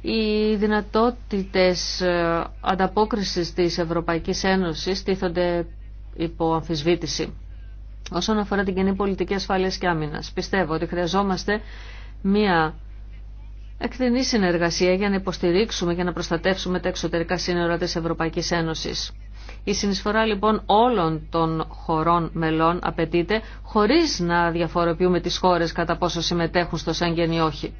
Οι δυνατότητες ε, ανταπόκρισης της Ευρωπαϊκής Ένωσης τίθονται υπό αμφισβήτηση. Όσον αφορά την κοινή πολιτική ασφάλειας και άμυνας, πιστεύω ότι χρειαζόμαστε μία εκτενή συνεργασία για να υποστηρίξουμε και να προστατεύσουμε τα εξωτερικά σύνορα της Ευρωπαϊκής Ένωσης. Η συνεισφορά λοιπόν όλων των χωρών μελών απαιτείται χωρίς να διαφοροποιούμε τις χώρες κατά πόσο συμμετέχουν στο Σέγγεν ή όχι.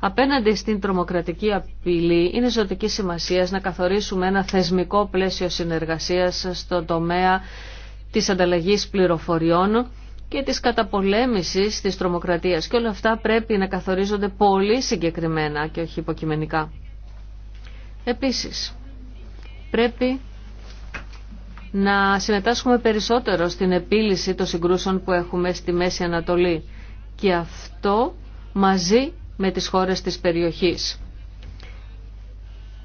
Απέναντι στην τρομοκρατική απειλή είναι ζωτική σημασία να καθορίσουμε ένα θεσμικό πλαίσιο συνεργασίας στον τομέα της ανταλλαγής πληροφοριών και της καταπολέμησης της τρομοκρατίας και όλα αυτά πρέπει να καθορίζονται πολύ συγκεκριμένα και όχι υποκειμενικά. Επίσης, πρέπει να συμμετάσχουμε περισσότερο στην επίλυση των συγκρούσεων που έχουμε στη Μέση Ανατολή και αυτό μαζί με τις χώρες της περιοχής.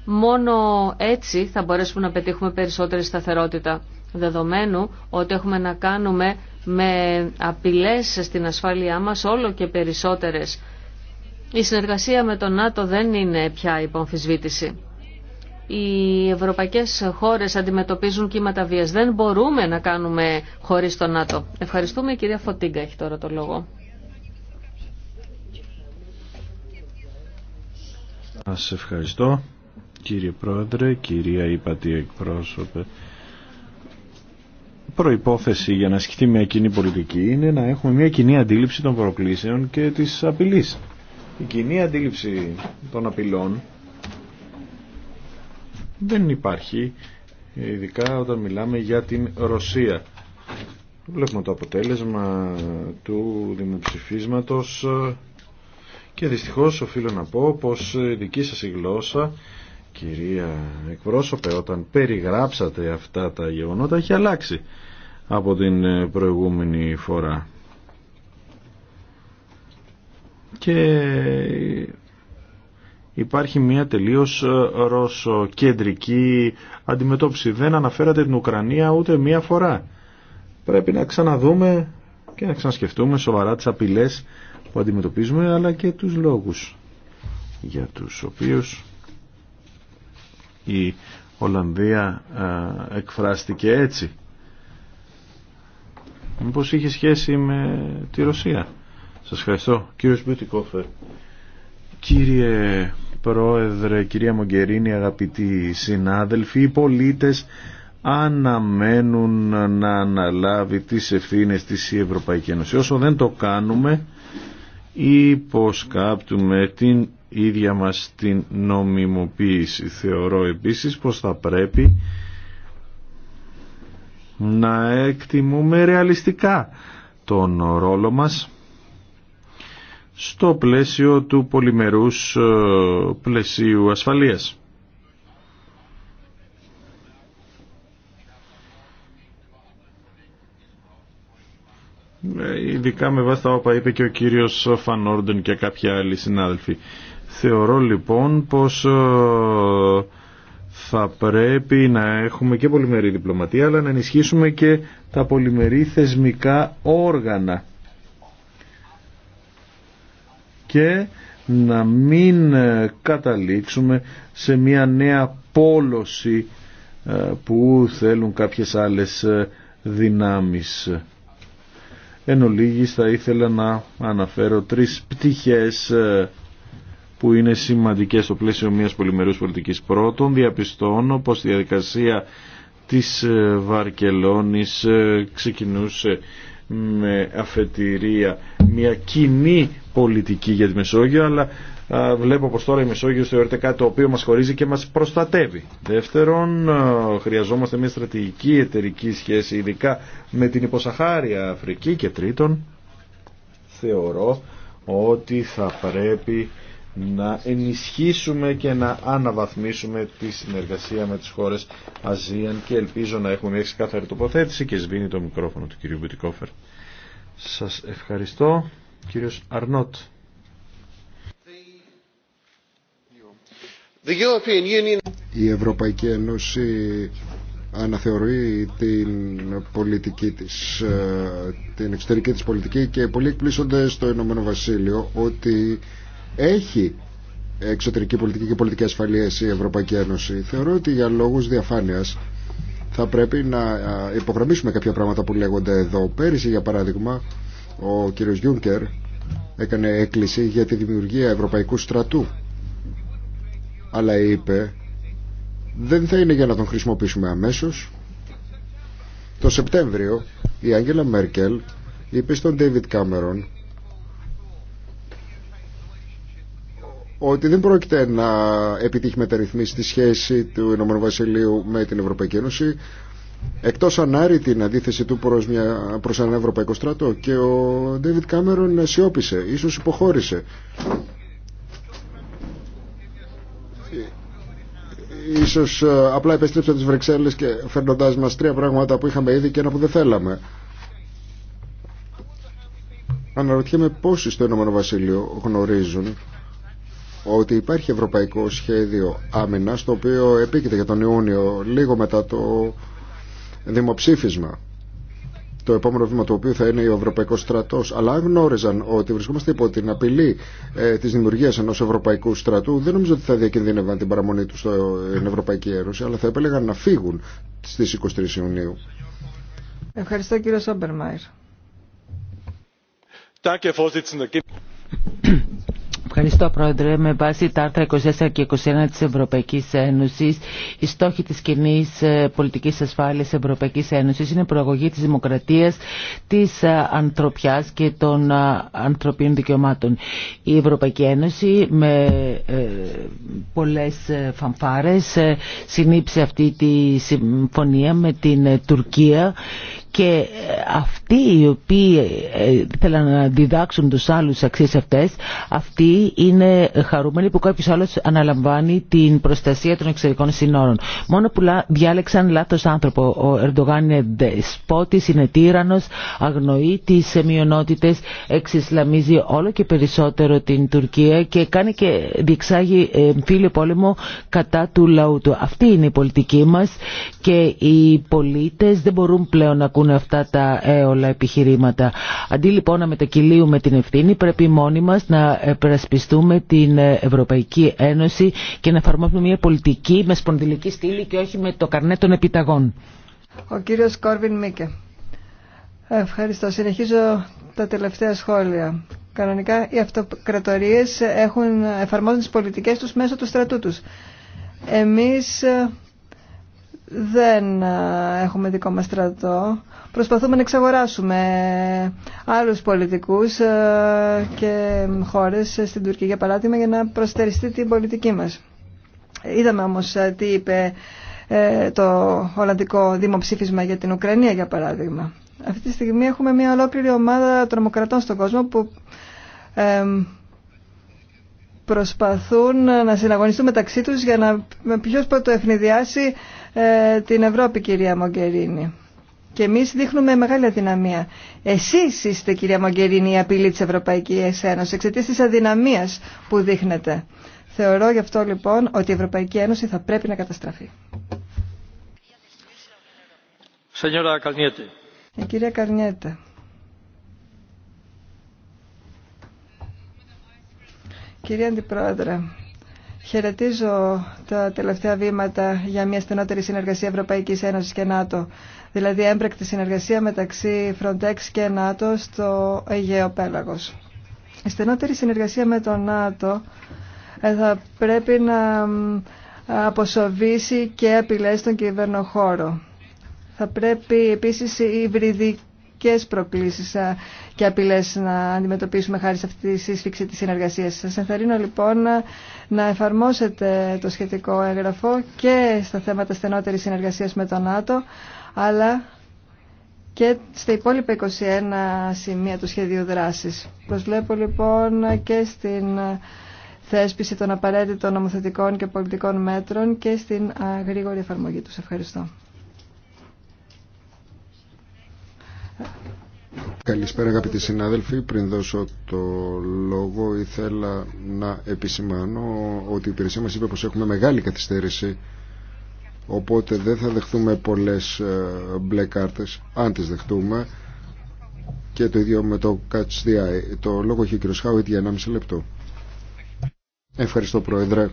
Μόνο έτσι θα μπορέσουμε να πετύχουμε περισσότερη σταθερότητα, δεδομένου ότι έχουμε να κάνουμε με απειλές στην ασφάλειά μας όλο και περισσότερες. Η συνεργασία με τον ΝΑΤΟ δεν είναι πια υπομφισβήτηση. Οι ευρωπαϊκές χώρες αντιμετωπίζουν κύματα βίας. Δεν μπορούμε να κάνουμε χωρίς τον ΝΑΤΟ. Ευχαριστούμε. Η κυρία Φωτίγκα έχει τώρα το λόγο. Σας ευχαριστώ κύριε Πρόεδρε, κυρία Υπατή Εκπρόσωπε προϋπόθεση για να ασκηθεί μια κοινή πολιτική είναι να έχουμε μια κοινή αντίληψη των προκλήσεων και της απειλής. Η κοινή αντίληψη των απειλών δεν υπάρχει, ειδικά όταν μιλάμε για την Ρωσία. Βλέπουμε το αποτέλεσμα του δημοψηφίσματος και δυστυχώς οφείλω να πω πως η δική σας η γλώσσα κυρία εκπρόσωπε όταν περιγράψατε αυτά τα γεγονότα έχει αλλάξει από την ε, προηγούμενη φορά και ε, υπάρχει μια τελείως ε, ρωσοκεντρική αντιμετώπιση δεν αναφέρατε την Ουκρανία ούτε μια φορά πρέπει να ξαναδούμε και να ξανασκεφτούμε σοβαρά τις απειλές που αντιμετωπίζουμε αλλά και τους λόγους για τους οποίους η Ολλανδία ε, εκφράστηκε έτσι. Μήπως είχε σχέση με τη Ρωσία. Σας ευχαριστώ. Κύριος Μπιουτικόφερ. Κύριε Πρόεδρε, κυρία Μογκερίνη, αγαπητοί συνάδελφοι, οι πολίτες αναμένουν να αναλάβει τις ευθύνες της Ευρωπαϊκής Ευρωπαϊκή Ένωση. Όσο δεν το κάνουμε, υποσκάπτουμε την ίδια μας την νομιμοποίηση. Θεωρώ επίσης πως θα πρέπει να εκτιμούμε ρεαλιστικά τον ρόλο μας στο πλαίσιο του πολυμερούς ε, πλαισίου ασφαλείας. Ε, ειδικά με βάση τα όπα είπε και ο κύριος Φανόρντεν και κάποια άλλοι συνάδελφοι. Θεωρώ λοιπόν πως ε, θα πρέπει να έχουμε και πολυμερή διπλωματία αλλά να ενισχύσουμε και τα πολυμερή θεσμικά όργανα και να μην ε, καταλήξουμε σε μια νέα πόλωση ε, που θέλουν κάποιες άλλες δυνάμεις. Εν ολίγης θα ήθελα να αναφέρω τρεις πτυχές που είναι σημαντικές στο πλαίσιο μιας πολυμερούς πολιτικής. Πρώτον, διαπιστώνω πως η διαδικασία της ε, Βαρκελόνης ε, ξεκινούσε με αφετηρία μια κοινή πολιτική για τη Μεσόγειο, αλλά βλέπω πως τώρα η Μεσόγειος θεωρείται κάτι το οποίο μας χωρίζει και μας προστατεύει. Δεύτερον, χρειαζόμαστε μια στρατηγική εταιρική σχέση, ειδικά με την υποσαχάρια Αφρική. Και τρίτον, θεωρώ ότι θα πρέπει να ενισχύσουμε και να αναβαθμίσουμε τη συνεργασία με τις χώρες Αζίαν και ελπίζω να έχουμε μια ξεκάθαρη τοποθέτηση και σβήνει το μικρόφωνο του κυρίου Μπιτικόφερ. Σας ευχαριστώ. Κύριος Αρνότ. Η Ευρωπαϊκή Ένωση αναθεωρεί την πολιτική της, ε, την εξωτερική της πολιτική και πολλοί εκπλήσονται στο Ηνωμένο Βασίλειο ότι έχει εξωτερική πολιτική και πολιτική ασφαλεία η Ευρωπαϊκή Ένωση. Θεωρώ ότι για λόγους διαφάνειας θα πρέπει να υπογραμμίσουμε κάποια πράγματα που λέγονται εδώ. Πέρυσι, για παράδειγμα, ο κύριος Γιούνκερ έκανε έκκληση για τη δημιουργία Ευρωπαϊκού στρατού. Αλλά είπε, δεν θα είναι για να τον χρησιμοποιήσουμε αμέσως. Το Σεπτέμβριο η Άγγελα Μέρκελ είπε στον Ντέιβιτ Κάμερον ότι δεν πρόκειται να επιτύχει μεταρρυθμίσει τη σχέση του Ηνωμένου Βασιλείου με την Ευρωπαϊκή Ένωση εκτός αν την αντίθεση του προς, μια, προς ένα ευρωπαϊκό στρατό και ο Ντέιβιτ Κάμερον σιώπησε, ίσως υποχώρησε ίσως ε, απλά επέστρεψε τις Βρεξέλλες και φέρνοντα μας τρία πράγματα που είχαμε ήδη και ένα που δεν θέλαμε Αναρωτιέμαι πόσοι στο Ηνωμένο Βασίλειο γνωρίζουν ότι υπάρχει ευρωπαϊκό σχέδιο άμυνα το οποίο επίκειται για τον Ιούνιο λίγο μετά το δημοψήφισμα το επόμενο βήμα το οποίο θα είναι ο Ευρωπαϊκός Στρατός αλλά αν γνώριζαν ότι βρισκόμαστε υπό την απειλή ε, της δημιουργίας ενός Ευρωπαϊκού Στρατού δεν νομίζω ότι θα διακινδύνευαν την παραμονή του ε, στην Ευρωπαϊκή Ένωση αλλά θα επέλεγαν να φύγουν στις 23 Ιουνίου Ευχαριστώ κύριο Ευχαριστώ Πρόεδρε. Με βάση τα άρθρα 24 και 21 της Ευρωπαϊκής Ένωσης, οι στόχοι της κοινή ε, πολιτικής ασφάλειας Ευρωπαϊκής Ένωσης είναι προαγωγή της δημοκρατίας, της ε, ανθρωπιάς και των ε, ανθρωπίνων δικαιωμάτων. Η Ευρωπαϊκή Ένωση με πολλές φανφάρες συνήψε αυτή τη συμφωνία με την Τουρκία και ε, αυτοί οι οποίοι ε, θέλαν να διδάξουν τους άλλους αξίες αυτές αυτοί είναι χαρούμενοι που κάποιος άλλος αναλαμβάνει την προστασία των εξωτερικών συνόρων μόνο που διάλεξαν λάθος άνθρωπο ο Ερντογάν είναι δεσπότης, είναι τύρανος αγνοεί τις μειονότητες εξισλαμίζει όλο και περισσότερο την Τουρκία και κάνει και διεξάγει ε, φίλο πόλεμο κατά του λαού του αυτή είναι η πολιτική μας και οι πολίτες δεν μπορούν πλέον να ακούν αυτά τα έολα επιχειρήματα. Αντί λοιπόν να μετακυλίουμε την ευθύνη πρέπει μόνοι μας να περασπιστούμε την Ευρωπαϊκή Ένωση και να εφαρμόσουμε μια πολιτική με σπονδυλική στήλη και όχι με το καρνέ των επιταγών. Ο κύριος Κόρβιν Μίκε. Ευχαριστώ. Συνεχίζω τα τελευταία σχόλια. Κανονικά οι αυτοκρατορίες έχουν, εφαρμόζουν τις πολιτικές τους μέσω του στρατού τους. Εμείς δεν ε, έχουμε δικό μας στρατό. Προσπαθούμε να εξαγοράσουμε άλλους πολιτικούς ε, και χώρες στην Τουρκία για παράδειγμα για να προστεριστεί την πολιτική μας. Είδαμε όμως ε, τι είπε το Ολλανδικό Δημοψήφισμα για την Ουκρανία για παράδειγμα. Αυτή τη στιγμή έχουμε μια ολόκληρη ομάδα τρομοκρατών στον κόσμο που προσπαθούν να συναγωνιστούν μεταξύ τους για να ποιος πρώτο ευνηδιάσει ε, την Ευρώπη, κυρία Μογκερίνη. Και εμείς δείχνουμε μεγάλη αδυναμία. Εσείς είστε, κυρία Μογκερίνη, η απειλή της Ευρωπαϊκής Ένωσης, εξαιτίας της αδυναμίας που δείχνετε. Θεωρώ γι' αυτό λοιπόν ότι η Ευρωπαϊκή Ένωση θα πρέπει να καταστραφεί. Η ε, κυρία Καρνιέτε. Κυρία Αντιπρόεδρε, Χαιρετίζω τα τελευταία βήματα για μια στενότερη συνεργασία Ευρωπαϊκής Ένωσης και ΝΑΤΟ, δηλαδή έμπρακτη συνεργασία μεταξύ Frontex και ΝΑΤΟ στο Αιγαίο Πέλαγος. Η στενότερη συνεργασία με το ΝΑΤΟ ε, θα πρέπει να αποσοβήσει και απειλές στον κυβερνοχώρο. Θα πρέπει επίσης η υβριδική ε, και προκλήσεις και απειλέ να αντιμετωπίσουμε χάρη σε αυτή τη σύσφυξη της συνεργασία. Σας ενθαρρύνω λοιπόν να εφαρμόσετε το σχετικό έγγραφο και στα θέματα στενότερης συνεργασία με τον ΝΑΤΟ, αλλά και στα υπόλοιπα 21 σημεία του σχεδίου δράσης. Προσβλέπω λοιπόν και στην θέσπιση των απαραίτητων νομοθετικών και πολιτικών μέτρων και στην γρήγορη εφαρμογή του. Ευχαριστώ. Καλησπέρα αγαπητοί συνάδελφοι. Πριν δώσω το λόγο ήθελα να επισημάνω ότι η υπηρεσία μας είπε πως έχουμε μεγάλη καθυστέρηση οπότε δεν θα δεχτούμε πολλές ε, μπλε κάρτες αν τις δεχτούμε και το ίδιο με το Catch the Eye. Το λόγο έχει ο κ. Χάουιτ για 1,5 λεπτό. Ευχαριστώ Πρόεδρε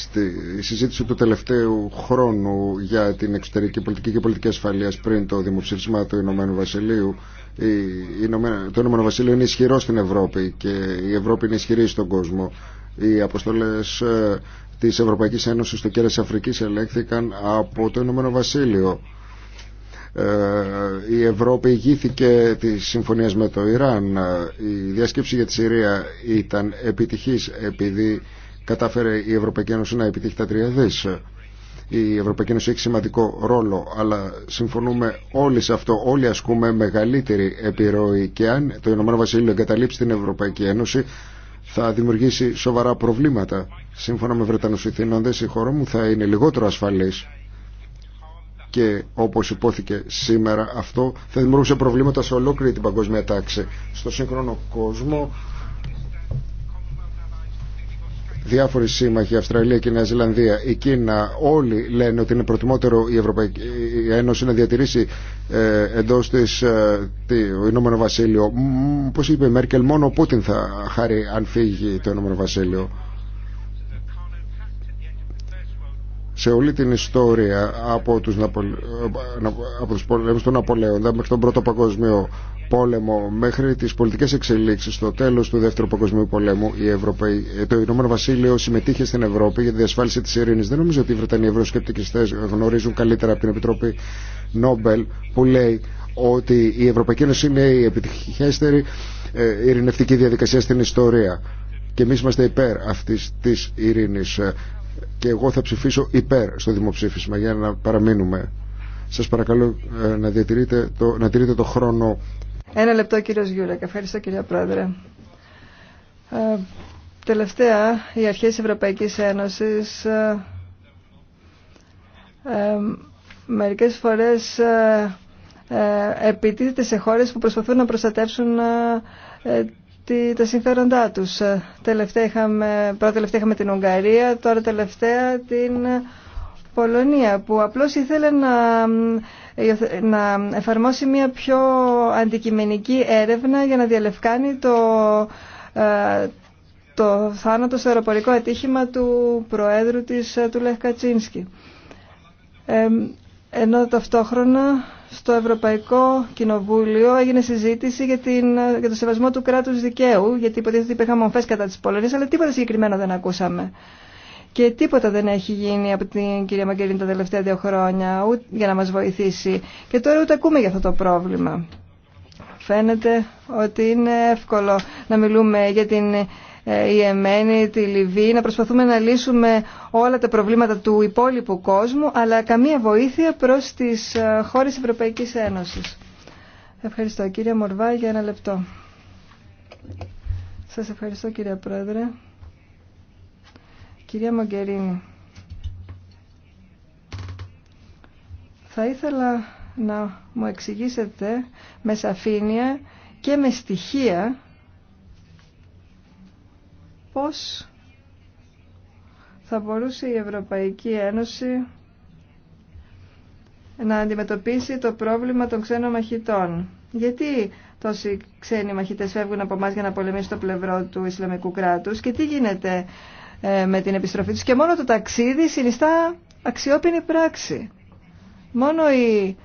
στη συζήτηση του τελευταίου χρόνου για την εξωτερική πολιτική και πολιτική ασφαλείας πριν το δημοψήφισμα του Ηνωμένου Βασιλείου το Ηνωμένο Βασίλειο είναι ισχυρό στην Ευρώπη και η Ευρώπη είναι ισχυρή στον κόσμο οι αποστολές ε, της Ευρωπαϊκής Ένωσης στο κέρας Αφρική ελέγχθηκαν από το Ηνωμένο Βασίλειο ε, η Ευρώπη ηγήθηκε τη συμφωνία με το Ιράν η διασκέψη για τη Συρία ήταν επιτυχής επειδή κατάφερε η Ευρωπαϊκή Ένωση να επιτύχει τα τρία δις. Η Ευρωπαϊκή Ένωση έχει σημαντικό ρόλο, αλλά συμφωνούμε όλοι σε αυτό. Όλοι ασκούμε μεγαλύτερη επιρροή και αν το Ηνωμένο Βασίλειο εγκαταλείψει την Ευρωπαϊκή Ένωση, θα δημιουργήσει σοβαρά προβλήματα. Σύμφωνα με Βρετανούς ηθήνοντες, η χώρα μου θα είναι λιγότερο ασφαλής και όπως υπόθηκε σήμερα αυτό θα δημιουργούσε προβλήματα σε ολόκληρη την παγκόσμια τάξη. Στο σύγχρονο κόσμο διάφοροι σύμμαχοι, Αυστραλία και Νέα Ζηλανδία, η Κίνα, όλοι λένε ότι είναι προτιμότερο η Ευρωπαϊκή Ένωση να διατηρήσει ε, εντό ε, τη το Ηνωμένο Βασίλειο. Πώ είπε η Μέρκελ, μόνο ο Πούτιν θα χαρεί αν φύγει το Ηνωμένο Βασίλειο. σε όλη την ιστορία από τους, Ναπολε... από τους πολέμους των Ναπολέοντα μέχρι τον Πρώτο Παγκόσμιο Πόλεμο μέχρι τις πολιτικές εξελίξεις στο τέλος του Δεύτερου Παγκοσμίου Πολέμου η ε, το Ηνωμένο Βασίλειο συμμετείχε στην Ευρώπη για τη διασφάλιση της ειρήνης δεν νομίζω ότι οι Βρετανοί ευρωσκεπτικιστές γνωρίζουν καλύτερα από την Επιτροπή Νόμπελ που λέει ότι η Ευρωπαϊκή Ένωση είναι η επιτυχιαστή ε, ειρηνευτική διαδικασία στην ιστορία και εμείς είμαστε υπέρ αυτή τη ειρήνη και εγώ θα ψηφίσω υπέρ στο δημοψήφισμα για να παραμείνουμε. Σας παρακαλώ ε, να, διατηρείτε το, να τηρείτε το χρόνο. Ένα λεπτό κύριο Γιούρακ. Ευχαριστώ κυρία Πρόεδρε. Ε, τελευταία, οι αρχέ Ευρωπαϊκή Ευρωπαϊκής Ένωσης ε, ε, μερικές φορές ε, ε, επιτίθεται σε χώρες που προσπαθούν να προστατεύσουν τη, τα συμφέροντά τους. Ε, τελευταία είχαμε, πρώτα τελευταία είχαμε την Ουγγαρία, τώρα τελευταία την Πολωνία που απλώς ήθελε να, να εφαρμόσει μια πιο αντικειμενική έρευνα για να διαλευκάνει το, ε, το θάνατο στο αεροπορικό ατύχημα του Προέδρου της ε, του Λεχ Κατσίνσκι. Ε, ενώ ταυτόχρονα στο Ευρωπαϊκό Κοινοβούλιο έγινε συζήτηση για, την, για το σεβασμό του κράτους δικαίου, γιατί υποτίθεται υπήρχαν μορφές κατά της Πολωνία, αλλά τίποτα συγκεκριμένο δεν ακούσαμε. Και τίποτα δεν έχει γίνει από την κυρία Μαγκελίνη τα τελευταία δύο χρόνια ούτε για να μας βοηθήσει. Και τώρα ούτε ακούμε για αυτό το πρόβλημα. Φαίνεται ότι είναι εύκολο να μιλούμε για την ε, η Εμένη, τη Λιβύη, να προσπαθούμε να λύσουμε όλα τα προβλήματα του υπόλοιπου κόσμου, αλλά καμία βοήθεια προς τις ε, χώρες Ευρωπαϊκής Ένωσης. Ευχαριστώ κύριε Μορβά για ένα λεπτό. Σας ευχαριστώ κύριε Πρόεδρε. Κυρία Μογκερίνη, θα ήθελα να μου εξηγήσετε με σαφήνεια και με στοιχεία πώς θα μπορούσε η Ευρωπαϊκή Ένωση να αντιμετωπίσει το πρόβλημα των ξένων μαχητών. Γιατί τόσοι ξένοι μαχητές φεύγουν από εμάς για να πολεμήσουν το πλευρό του Ισλαμικού κράτους και τι γίνεται ε, με την επιστροφή τους. Και μόνο το ταξίδι συνιστά αξιόπινη πράξη. Μόνο η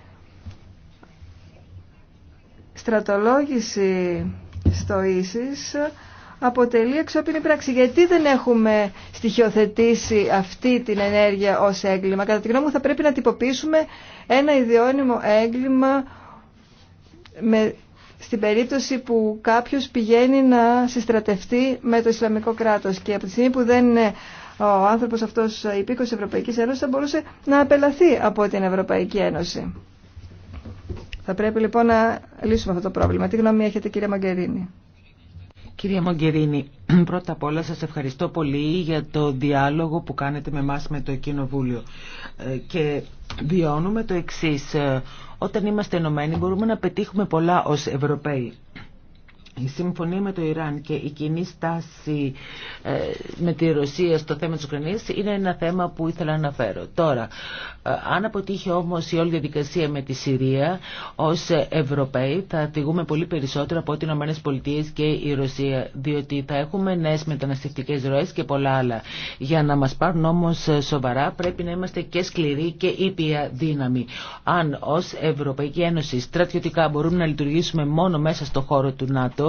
στρατολόγηση στο ίσις αποτελεί εξώπινη πράξη. Γιατί δεν έχουμε στοιχειοθετήσει αυτή την ενέργεια ως έγκλημα. Κατά τη γνώμη μου θα πρέπει να τυποποιήσουμε ένα ιδιώνυμο έγκλημα με, στην περίπτωση που κάποιος πηγαίνει να συστρατευτεί με το Ισλαμικό κράτος και από τη στιγμή που δεν είναι ο άνθρωπος αυτός υπήκος της Ευρωπαϊκής Ένωσης θα μπορούσε να απελαθεί από την Ευρωπαϊκή Ένωση. Θα πρέπει λοιπόν να λύσουμε αυτό το πρόβλημα. Τι γνώμη έχετε κύριε Μαγκερίνη. Κύριε Μογκερίνη, πρώτα απ' όλα σας ευχαριστώ πολύ για το διάλογο που κάνετε με μας με το Κοινοβούλιο. Ε, και βιώνουμε το εξής. Ε, όταν είμαστε ενωμένοι μπορούμε να πετύχουμε πολλά ως Ευρωπαίοι. Η συμφωνία με το Ιράν και η κοινή στάση ε, με τη Ρωσία στο θέμα της Ουκρανίας είναι ένα θέμα που ήθελα να αναφέρω. Τώρα, ε, αν αποτύχει όμως η όλη διαδικασία με τη Συρία, ως Ευρωπαίοι θα θυγούμε πολύ περισσότερο από ό,τι οι ΗΠΑ και η Ρωσία, διότι θα έχουμε νέες μεταναστευτικές ροές και πολλά άλλα. Για να μας πάρουν όμως ε, σοβαρά πρέπει να είμαστε και σκληροί και ήπια δύναμη. Αν ως Ευρωπαϊκή Ένωση στρατιωτικά μπορούμε να λειτουργήσουμε μόνο μέσα στο χώρο του ΝΑΤΟ,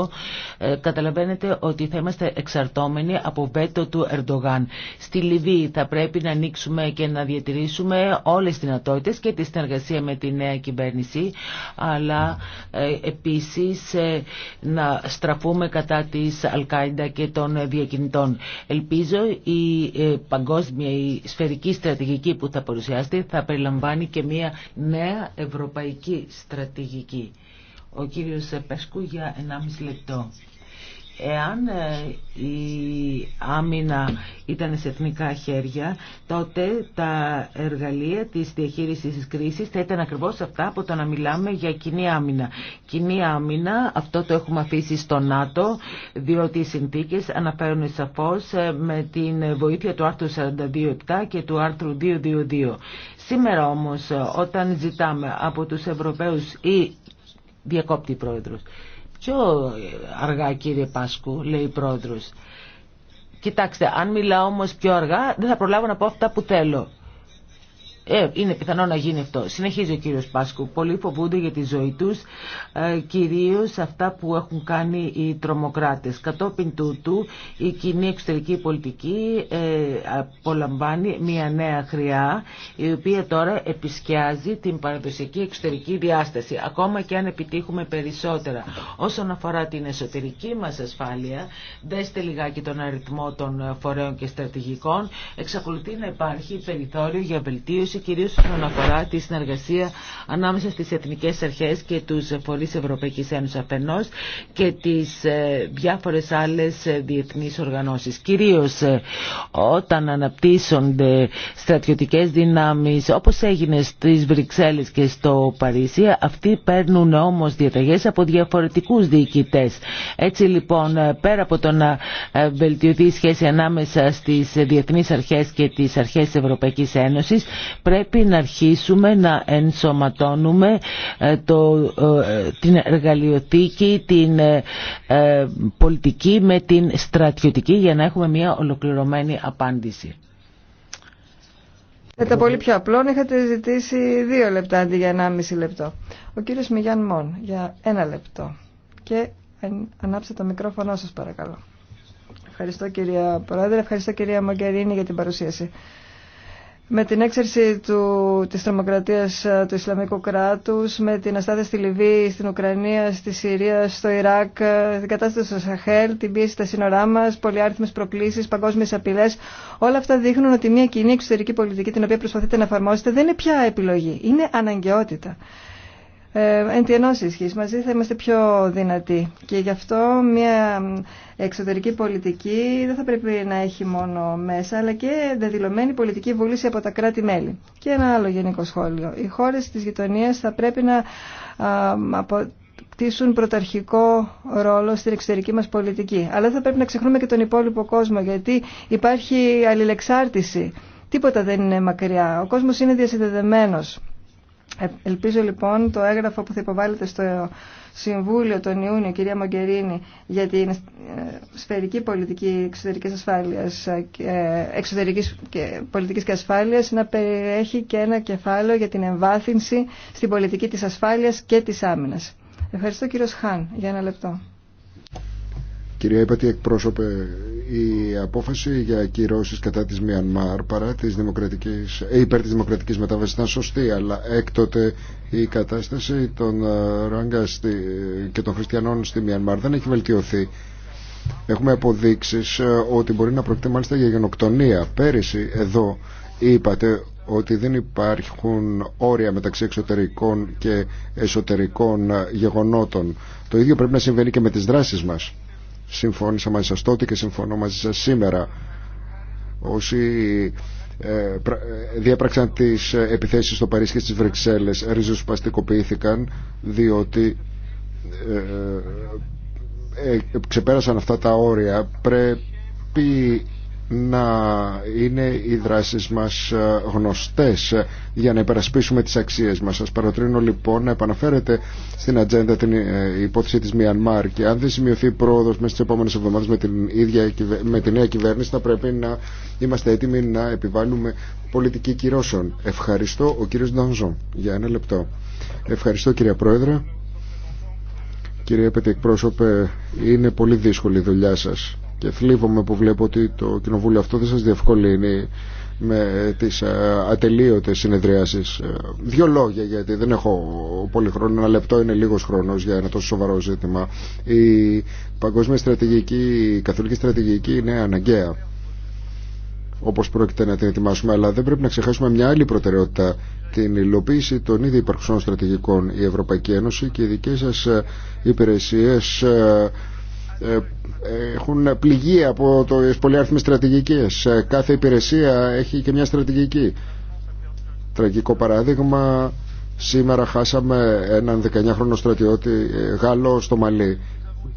ε, καταλαβαίνετε ότι θα είμαστε εξαρτώμενοι από βέτο του Ερντογάν. Στη Λιβύη θα πρέπει να ανοίξουμε και να διατηρήσουμε όλες τις δυνατότητες και τη συνεργασία με τη νέα κυβέρνηση, αλλά ε, επίσης ε, να στραφούμε κατά της Αλκάιντα και των διακινητών. Ελπίζω η παγκόσμια, η σφαιρική στρατηγική που θα παρουσιάσετε θα περιλαμβάνει και μια νέα ευρωπαϊκή στρατηγική ο κύριος Πεσκού για 1,5 λεπτό. Εάν ε, η άμυνα ήταν σε εθνικά χέρια, τότε τα εργαλεία της διαχείρισης της κρίσης θα ήταν ακριβώς αυτά από το να μιλάμε για κοινή άμυνα. Κοινή άμυνα, αυτό το έχουμε αφήσει στο ΝΑΤΟ, διότι οι συνθήκες αναφέρουν σαφώς ε, με την βοήθεια του άρθρου 42.7 και του άρθρου 222. Σήμερα όμως ε, όταν ζητάμε από τους Ευρωπαίους ή Διακόπτει η πρόεδρος. Πιο αργά κύριε Πάσκου, λέει η πρόεδρος. Κοιτάξτε, αν μιλάω όμως πιο αργά δεν θα προλάβω να πω αυτά που θέλω. Ε, είναι πιθανό να γίνει αυτό. Συνεχίζει ο κύριος Πάσκου. Πολλοί φοβούνται για τη ζωή τους, ε, κυρίως αυτά που έχουν κάνει οι τρομοκράτες. Κατόπιν τούτου η κοινή εξωτερική πολιτική ε, απολαμβάνει μια νέα χρειά, η οποία τώρα επισκιάζει την παραδοσιακή εξωτερική διάσταση, ακόμα και αν επιτύχουμε περισσότερα. Όσον αφορά την εσωτερική μας ασφάλεια, δέστε λιγάκι τον αριθμό των φορέων και στρατηγικών, εξακολουθεί να υπάρχει περιθώριο για βελτίωση βελτίωση κυρίως όσον αφορά τη συνεργασία ανάμεσα στις εθνικές αρχές και τους φορείς Ευρωπαϊκής Ένωσης αφενός και τις ε, διάφορες άλλες ε, διεθνείς οργανώσεις. Κυρίως ε, όταν αναπτύσσονται στρατιωτικές δυνάμεις όπως έγινε στις Βρυξέλλες και στο Παρίσι αυτοί παίρνουν όμως διαταγές από διαφορετικούς διοικητές. Έτσι λοιπόν πέρα από το να βελτιωθεί η σχέση ανάμεσα στις διεθνείς αρχές και τις αρχές της Ευρωπαϊκής Ένωσης πρέπει να αρχίσουμε να ενσωματώνουμε ε, το, ε, την εργαλειοθήκη, την ε, πολιτική με την στρατιωτική για να έχουμε μια ολοκληρωμένη απάντηση. Θα ήταν πολύ πιο απλό να είχατε ζητήσει δύο λεπτά αντί για ένα μισή λεπτό. Ο κύριος Μιγιάν Μον για ένα λεπτό. Και ανάψτε το μικρόφωνο σας παρακαλώ. Ευχαριστώ κυρία Πρόεδρε, ευχαριστώ κυρία Μαγκερίνη για την παρουσίαση με την έξαρση του, της τρομοκρατίας ε, του Ισλαμικού κράτους, με την αστάθεια στη Λιβύη, στην Ουκρανία, στη Συρία, στο Ιράκ, ε, την κατάσταση στο Σαχέλ, την πίεση στα σύνορά μας, πολυάριθμες προκλήσεις, παγκόσμιες απειλές. Όλα αυτά δείχνουν ότι μια κοινή εξωτερική πολιτική την οποία προσπαθείτε να εφαρμόσετε δεν είναι πια επιλογή, είναι αναγκαιότητα. Ε, εν τη ισχύς μαζί θα είμαστε πιο δυνατοί. Και γι' αυτό μια εξωτερική πολιτική δεν θα πρέπει να έχει μόνο μέσα, αλλά και δεδηλωμένη πολιτική βούληση από τα κράτη-μέλη. Και ένα άλλο γενικό σχόλιο. Οι χώρες της γειτονίας θα πρέπει να κτίσουν πρωταρχικό ρόλο στην εξωτερική μας πολιτική. Αλλά θα πρέπει να ξεχνούμε και τον υπόλοιπο κόσμο, γιατί υπάρχει αλληλεξάρτηση. Τίποτα δεν είναι μακριά. Ο κόσμος είναι διασυνδεδεμένος. Ε, ελπίζω λοιπόν το έγγραφο που θα υποβάλλεται στο Συμβούλιο τον Ιούνιο, κυρία Μογκερίνη, για την ε, σφαιρική πολιτική εξωτερικής ασφάλειας, ε, εξωτερικής και πολιτικής και ασφάλειας, να περιέχει και ένα κεφάλαιο για την εμβάθυνση στην πολιτική της ασφάλειας και της άμυνας. Ευχαριστώ κύριο Χάν για ένα λεπτό. Κυρία Υπατή εκπρόσωπε, η απόφαση για κυρώσει κατά της Μιανμάρ παρά της δημοκρατικής, ε, υπέρ της δημοκρατικής μετάβασης ήταν σωστή, αλλά έκτοτε η κατάσταση των ε, Ράγκα και των χριστιανών στη Μιανμάρ δεν έχει βελτιωθεί. Έχουμε αποδείξεις ε, ότι μπορεί να πρόκειται μάλιστα για γενοκτονία. Πέρυσι εδώ είπατε ότι δεν υπάρχουν όρια μεταξύ εξωτερικών και εσωτερικών γεγονότων. Το ίδιο πρέπει να συμβαίνει και με τις δράσεις μας συμφώνησα μαζί σας τότε και συμφωνώ μαζί σας σήμερα. Όσοι ε, ε, διέπραξαν τις ε, επιθέσεις στο Παρίσι και στις Βρυξέλλες ριζοσπαστικοποιήθηκαν διότι ξεπέρασαν αυτά τα όρια πρέπει να είναι οι δράσεις μας ε, γνωστές για να υπερασπίσουμε τις αξίες μας. Σας παροτρύνω λοιπόν να επαναφέρετε στην ατζέντα την ε, υπόθεση της Μιανμάρ και αν δεν σημειωθεί πρόοδος μέσα στις επόμενες εβδομάδες με την, με την νέα κυβέρνηση θα πρέπει να είμαστε έτοιμοι να επιβάλλουμε πολιτική κυρώσεων. Ευχαριστώ ο κύριος Ντανζό για ένα λεπτό. Ευχαριστώ κύριε Πρόεδρε. Κύριε εκπρόσωπε, είναι πολύ δύσκολη η δουλειά σας και θλίβομαι που βλέπω ότι το κοινοβούλιο αυτό δεν σας διευκολύνει με τις ε, ατελείωτες συνεδριάσεις. Ε, δύο λόγια γιατί δεν έχω πολύ χρόνο, ένα λεπτό είναι λίγος χρόνος για ένα τόσο σοβαρό ζήτημα. Η παγκόσμια στρατηγική, η καθολική στρατηγική είναι αναγκαία όπως πρόκειται να την ετοιμάσουμε αλλά δεν πρέπει να ξεχάσουμε μια άλλη προτεραιότητα την υλοποίηση των ήδη υπαρξών στρατηγικών η Ευρωπαϊκή Ένωση και οι δικές σας ε, υπηρεσίες ε, έχουν πληγεί από το πολυάριθμες στρατηγικές. Ε, κάθε υπηρεσία έχει και μια στρατηγική. Τραγικό παράδειγμα, σήμερα χάσαμε έναν 19χρονο στρατιώτη ε, Γάλλο στο Μαλί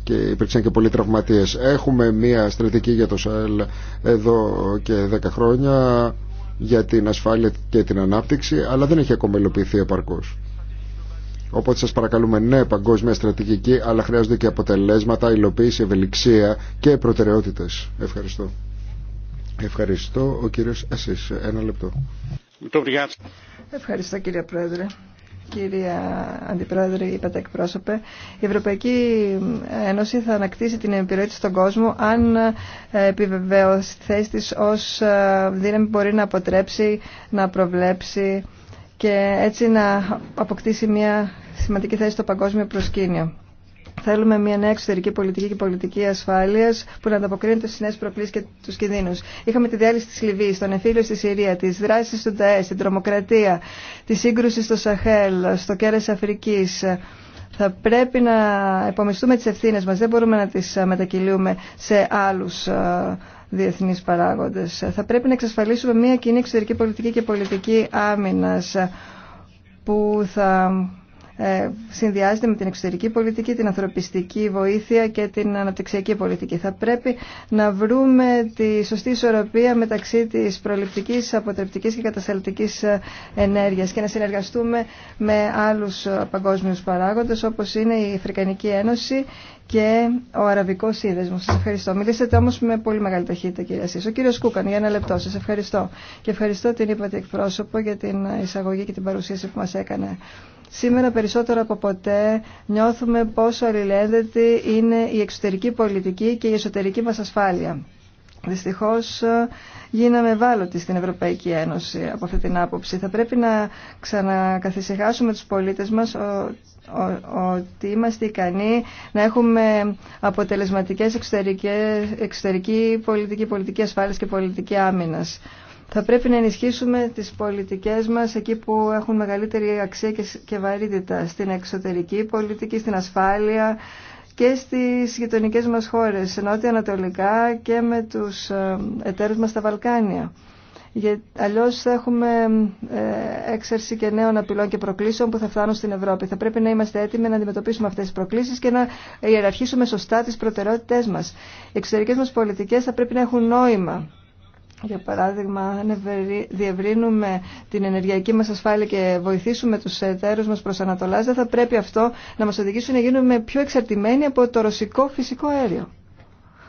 και υπήρξαν και πολλοί τραυματίες. Έχουμε μια στρατηγική για το ΣΑΕΛ εδώ και 10 χρόνια για την ασφάλεια και την ανάπτυξη, αλλά δεν έχει ακόμα υλοποιηθεί επαρκώς. Οπότε σας παρακαλούμε ναι παγκόσμια στρατηγική αλλά χρειάζονται και αποτελέσματα, υλοποίηση, ευελιξία και προτεραιότητες. Ευχαριστώ. Ευχαριστώ ο κύριος Ένα λεπτό. Ευχαριστώ κύριε Πρόεδρε. Κυρία Αντιπρόεδρε, είπατε εκπρόσωπε, η Ευρωπαϊκή Ένωση θα ανακτήσει την επιρροή στον κόσμο αν ε, επιβεβαιώσει θέση της ως ε, δύναμη μπορεί να αποτρέψει, να προβλέψει και έτσι να αποκτήσει μια σημαντική θέση στο παγκόσμιο προσκήνιο. Θέλουμε μια νέα εξωτερική πολιτική και πολιτική ασφάλεια που να ανταποκρίνεται στι νέε προκλήσει και του κινδύνου. Είχαμε τη διάλυση τη Λιβύη, τον εμφύλιο στη Συρία, τι δράσει του ΤΑΕ, την τρομοκρατία, τη σύγκρουση στο Σαχέλ, στο κέρα Αφρική. Θα πρέπει να επομιστούμε τι ευθύνε μα. Δεν μπορούμε να τι μετακυλούμε σε άλλου ε, διεθνείς παράγοντες. Θα πρέπει να εξασφαλίσουμε μια κοινή εξωτερική πολιτική και πολιτική άμυνας που θα ε, συνδυάζεται με την εξωτερική πολιτική, την ανθρωπιστική βοήθεια και την αναπτυξιακή πολιτική. Θα πρέπει να βρούμε τη σωστή ισορροπία μεταξύ της προληπτικής, αποτρεπτικής και κατασταλτικής ε, ενέργειας και να συνεργαστούμε με άλλους ε, παγκόσμιους παράγοντες όπως είναι η Αφρικανική Ένωση, και ο αραβικό σύνδεσμο. Σα ευχαριστώ. Μιλήσατε όμω με πολύ μεγάλη ταχύτητα, κυρία Σύσο. Ο κύριο Κούκαν, για ένα λεπτό. Σα ευχαριστώ. Και ευχαριστώ την είπατε εκπρόσωπο για την εισαγωγή και την παρουσίαση που μα έκανε. Σήμερα περισσότερο από ποτέ νιώθουμε πόσο αλληλένδετη είναι η εξωτερική πολιτική και η εσωτερική μα ασφάλεια. Δυστυχώ γίναμε ευάλωτοι στην Ευρωπαϊκή Ένωση από αυτή την άποψη. Θα πρέπει να ξανακαθησυχάσουμε του πολίτε μα ότι είμαστε ικανοί να έχουμε αποτελεσματικές εξωτερικές, εξωτερική πολιτική, πολιτική ασφάλειας και πολιτική άμυνας. Θα πρέπει να ενισχύσουμε τις πολιτικές μας εκεί που έχουν μεγαλύτερη αξία και βαρύτητα, στην εξωτερική πολιτική, στην ασφάλεια και στις γειτονικές μας χώρες, νότια-ανατολικά και με τους ε, εταίρους μας στα Βαλκάνια γιατί αλλιώς θα έχουμε ε, έξαρση και νέων απειλών και προκλήσεων που θα φτάνουν στην Ευρώπη. Θα πρέπει να είμαστε έτοιμοι να αντιμετωπίσουμε αυτές τις προκλήσεις και να ιεραρχήσουμε σωστά τις προτεραιότητές μας. Οι εξωτερικές μας πολιτικές θα πρέπει να έχουν νόημα. Για παράδειγμα, αν διευρύνουμε την ενεργειακή μας ασφάλεια και βοηθήσουμε τους εταίρους μας προς Ανατολάς, δεν θα πρέπει αυτό να μας οδηγήσει να γίνουμε πιο εξαρτημένοι από το ρωσικό φυσικό αέριο.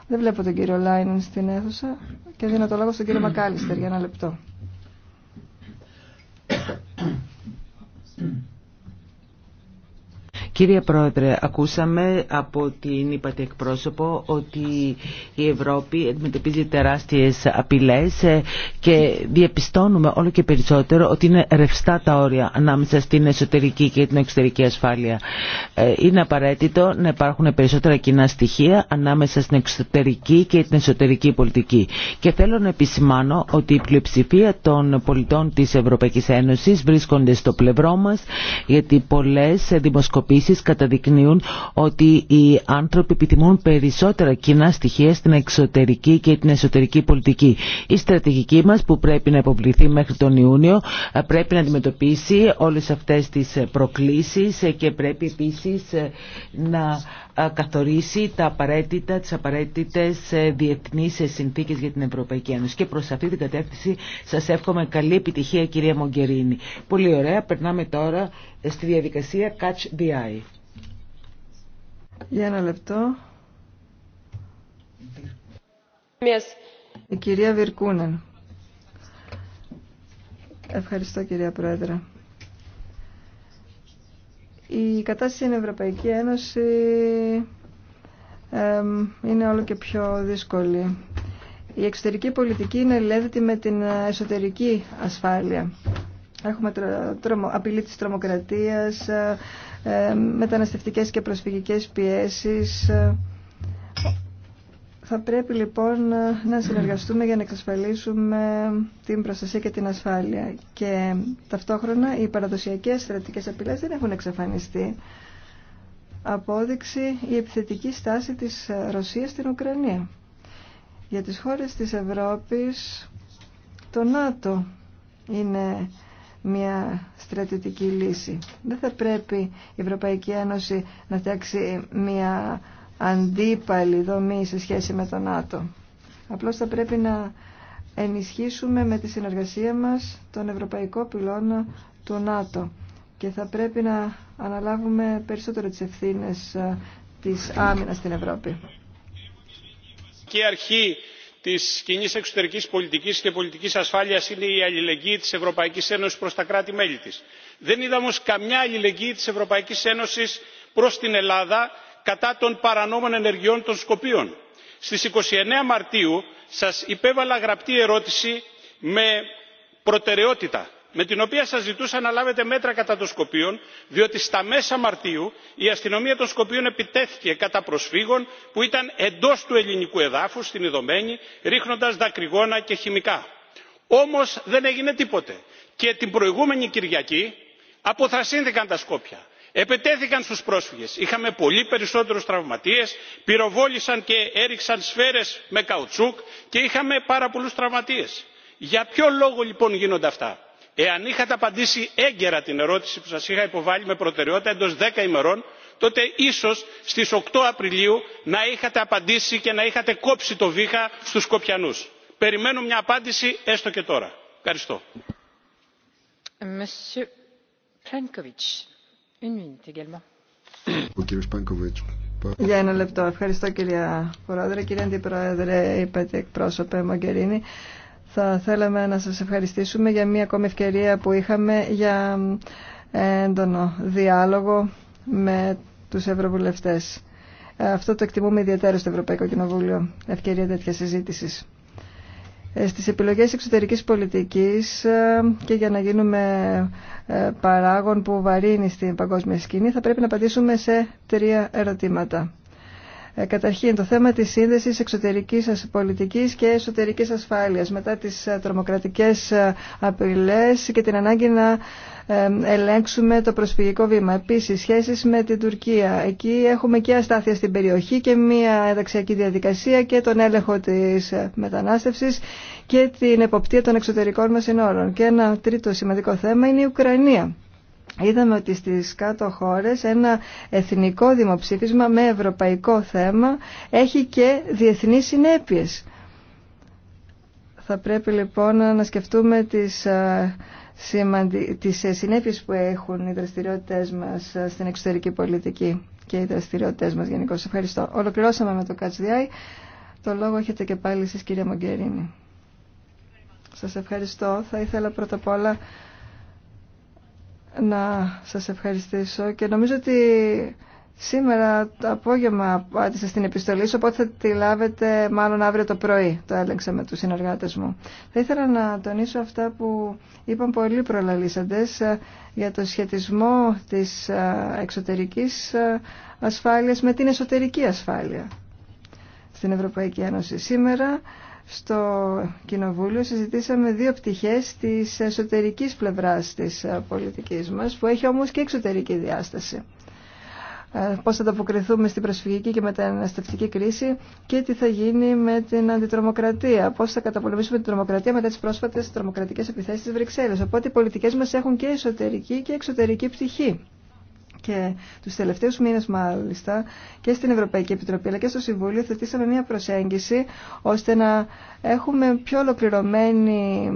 Δεν βλέπω τον κύριο Λάινεν στην αίθουσα και δίνω το λόγο στον κύριο Μακάλιστερ για ένα λεπτό. Κύριε Πρόεδρε, ακούσαμε από την είπατε εκπρόσωπο ότι η Ευρώπη αντιμετωπίζει τεράστιες απειλές ε, και διαπιστώνουμε όλο και περισσότερο ότι είναι ρευστά τα όρια ανάμεσα στην εσωτερική και την εξωτερική ασφάλεια. Ε, είναι απαραίτητο να υπάρχουν περισσότερα κοινά στοιχεία ανάμεσα στην εξωτερική και την εσωτερική πολιτική. Και θέλω να επισημάνω ότι η πλειοψηφία των πολιτών της Ευρωπαϊκής Ένωσης βρίσκονται στο πλευρό μας γιατί πολλές δημοσκοπήσεις Επίσης καταδεικνύουν ότι οι άνθρωποι επιθυμούν περισσότερα κοινά στοιχεία στην εξωτερική και την εσωτερική πολιτική. Η στρατηγική μας που πρέπει να υποβληθεί μέχρι τον Ιούνιο ε, πρέπει να αντιμετωπίσει όλες αυτές τις προκλήσεις ε, και πρέπει επίσης ε, να καθορίσει τα απαραίτητα, τις απαραίτητες ε, διεθνείς ε, συνθήκες για την Ευρωπαϊκή Ένωση. Και προς αυτή την κατεύθυνση σας εύχομαι καλή επιτυχία κυρία Μογκερίνη. Πολύ ωραία, περνάμε τώρα ε, στη διαδικασία Catch the Eye. Για ένα λεπτό. Η κυρία Βιρκούνεν. Ευχαριστώ κυρία Πρόεδρε. Η κατάσταση στην Ευρωπαϊκή Ένωση είναι όλο και πιο δύσκολη. Η εξωτερική πολιτική είναι ελεύθερη με την εσωτερική ασφάλεια. Έχουμε τρομο, απειλή της τρομοκρατίας, μεταναστευτικές και προσφυγικές πιέσεις, θα πρέπει λοιπόν να συνεργαστούμε για να εξασφαλίσουμε την προστασία και την ασφάλεια. Και ταυτόχρονα οι παραδοσιακές στρατικές απειλές δεν έχουν εξαφανιστεί. Απόδειξη η επιθετική στάση της Ρωσίας στην Ουκρανία. Για τις χώρες της Ευρώπης το ΝΑΤΟ είναι μια στρατιωτική λύση. Δεν θα πρέπει η Ευρωπαϊκή Ένωση να φτιάξει μια αντίπαλη δομή σε σχέση με τον ΝΑΤΟ. Απλώς θα πρέπει να ενισχύσουμε με τη συνεργασία μας τον ευρωπαϊκό πυλώνα του ΝΑΤΟ και θα πρέπει να αναλάβουμε περισσότερο τις ευθύνες της άμυνας στην Ευρώπη. Και αρχή της κοινή εξωτερικής πολιτικής και πολιτικής ασφάλειας είναι η αλληλεγγύη της Ευρωπαϊκής Ένωσης προς τα κράτη-μέλη της. Δεν είδα όμως καμιά αλληλεγγύη της Ευρωπαϊκής Ένωσης προς την Ελλάδα κατά των παρανόμων ενεργειών των σκοπίων. στις 29 μαρτίου σας υπέβαλα γραπτή ερώτηση με προτεραιότητα με την οποία σας ζητούσα να λάβετε μέτρα κατά των σκοπίων διότι στα μέσα μαρτίου η αστυνομία των σκοπίων επιτέθηκε κατά προσφύγων που ήταν εντός του ελληνικού εδάφους στην ιδωμένη ρίχνοντας δακρυγόνα και χημικά. όμως δεν έγινε τίποτε και την προηγούμενη κυριακή αποθρασύνθηκαν τα σκόπια επετέθηκαν στους πρόσφυγες είχαμε πολύ περισσότερους τραυματίες πυροβόλησαν και έριξαν σφαίρες με καουτσούκ και είχαμε πάρα πολλούς τραυματίες. για ποιο λόγο λοιπόν γίνονται αυτά. εάν είχατε απαντήσει έγκαιρα την ερώτηση που σας είχα υποβάλει με προτεραιότητα εντός δέκα ημερών τότε ίσως στις 8 Απριλίου να είχατε απαντήσει και να είχατε κόψει το βήχα στους Σκοπιανούς. Περιμένω μια απάντηση έστω και τώρα. Ευχαριστώ. Για ένα λεπτό. Ευχαριστώ κυρία Πρόεδρε. Κυρία Αντιπρόεδρε, είπατε εκπρόσωπε Μογκερίνη. Θα θέλαμε να σας ευχαριστήσουμε για μια ακόμη ευκαιρία που είχαμε για ε, έντονο διάλογο με τους ευρωβουλευτές. Ε, αυτό το εκτιμούμε ιδιαίτερα στο Ευρωπαϊκό Κοινοβούλιο, ευκαιρία τέτοια συζήτησης. Ε, στις επιλογές εξωτερικής πολιτικής ε, και για να γίνουμε ε, παράγων που βαρύνει στην παγκόσμια σκηνή θα πρέπει να απαντήσουμε σε τρία ερωτήματα. Ε, καταρχήν, το θέμα της σύνδεσης εξωτερικής πολιτικής και εσωτερικής ασφάλειας μετά τις ε, τρομοκρατικές ε, απειλές και την ανάγκη να ελέγξουμε το προσφυγικό βήμα. Επίσης, σχέσεις με την Τουρκία. Εκεί έχουμε και αστάθεια στην περιοχή και μια ενταξιακή διαδικασία και τον έλεγχο της μετανάστευσης και την εποπτεία των εξωτερικών μας συνόρων. Και ένα τρίτο σημαντικό θέμα είναι η Ουκρανία είδαμε ότι στις κάτω χώρες ένα εθνικό δημοψήφισμα με ευρωπαϊκό θέμα έχει και διεθνείς συνέπειες. Θα πρέπει λοιπόν να σκεφτούμε τις, τις ε, συνέπειες που έχουν οι δραστηριότητες μας στην εξωτερική πολιτική και οι δραστηριότητες μας γενικώ. Ευχαριστώ. Ολοκληρώσαμε με το ΚΑΤΣΔΙ. Το λόγο έχετε και πάλι εσείς κυρία Μογκερίνη. Σας ευχαριστώ. Θα ήθελα πρώτα απ' όλα να σας ευχαριστήσω και νομίζω ότι σήμερα το απόγευμα πάτησα στην επιστολή σου, οπότε θα τη λάβετε μάλλον αύριο το πρωί, το έλεγξα με τους συνεργάτες μου. Θα ήθελα να τονίσω αυτά που είπαν πολλοί προλαλήσαντες ε, για το σχετισμό της ε, εξωτερικής ε, ασφάλειας με την εσωτερική ασφάλεια στην Ευρωπαϊκή Ένωση. Σήμερα στο Κοινοβούλιο συζητήσαμε δύο πτυχές της εσωτερικής πλευράς της ε, πολιτικής μας, που έχει όμως και εξωτερική διάσταση. Ε, πώς θα ανταποκριθούμε στην προσφυγική και μεταναστευτική κρίση και τι θα γίνει με την αντιτρομοκρατία. Πώς θα καταπολεμήσουμε την τρομοκρατία μετά τις πρόσφατες τρομοκρατικές επιθέσεις της Βρυξέλλες. Οπότε οι πολιτικές μας έχουν και εσωτερική και εξωτερική πτυχή. Και τους τελευταίους μήνες μάλιστα και στην Ευρωπαϊκή Επιτροπή αλλά και στο Συμβούλιο θετήσαμε μια προσέγγιση ώστε να έχουμε πιο ολοκληρωμένη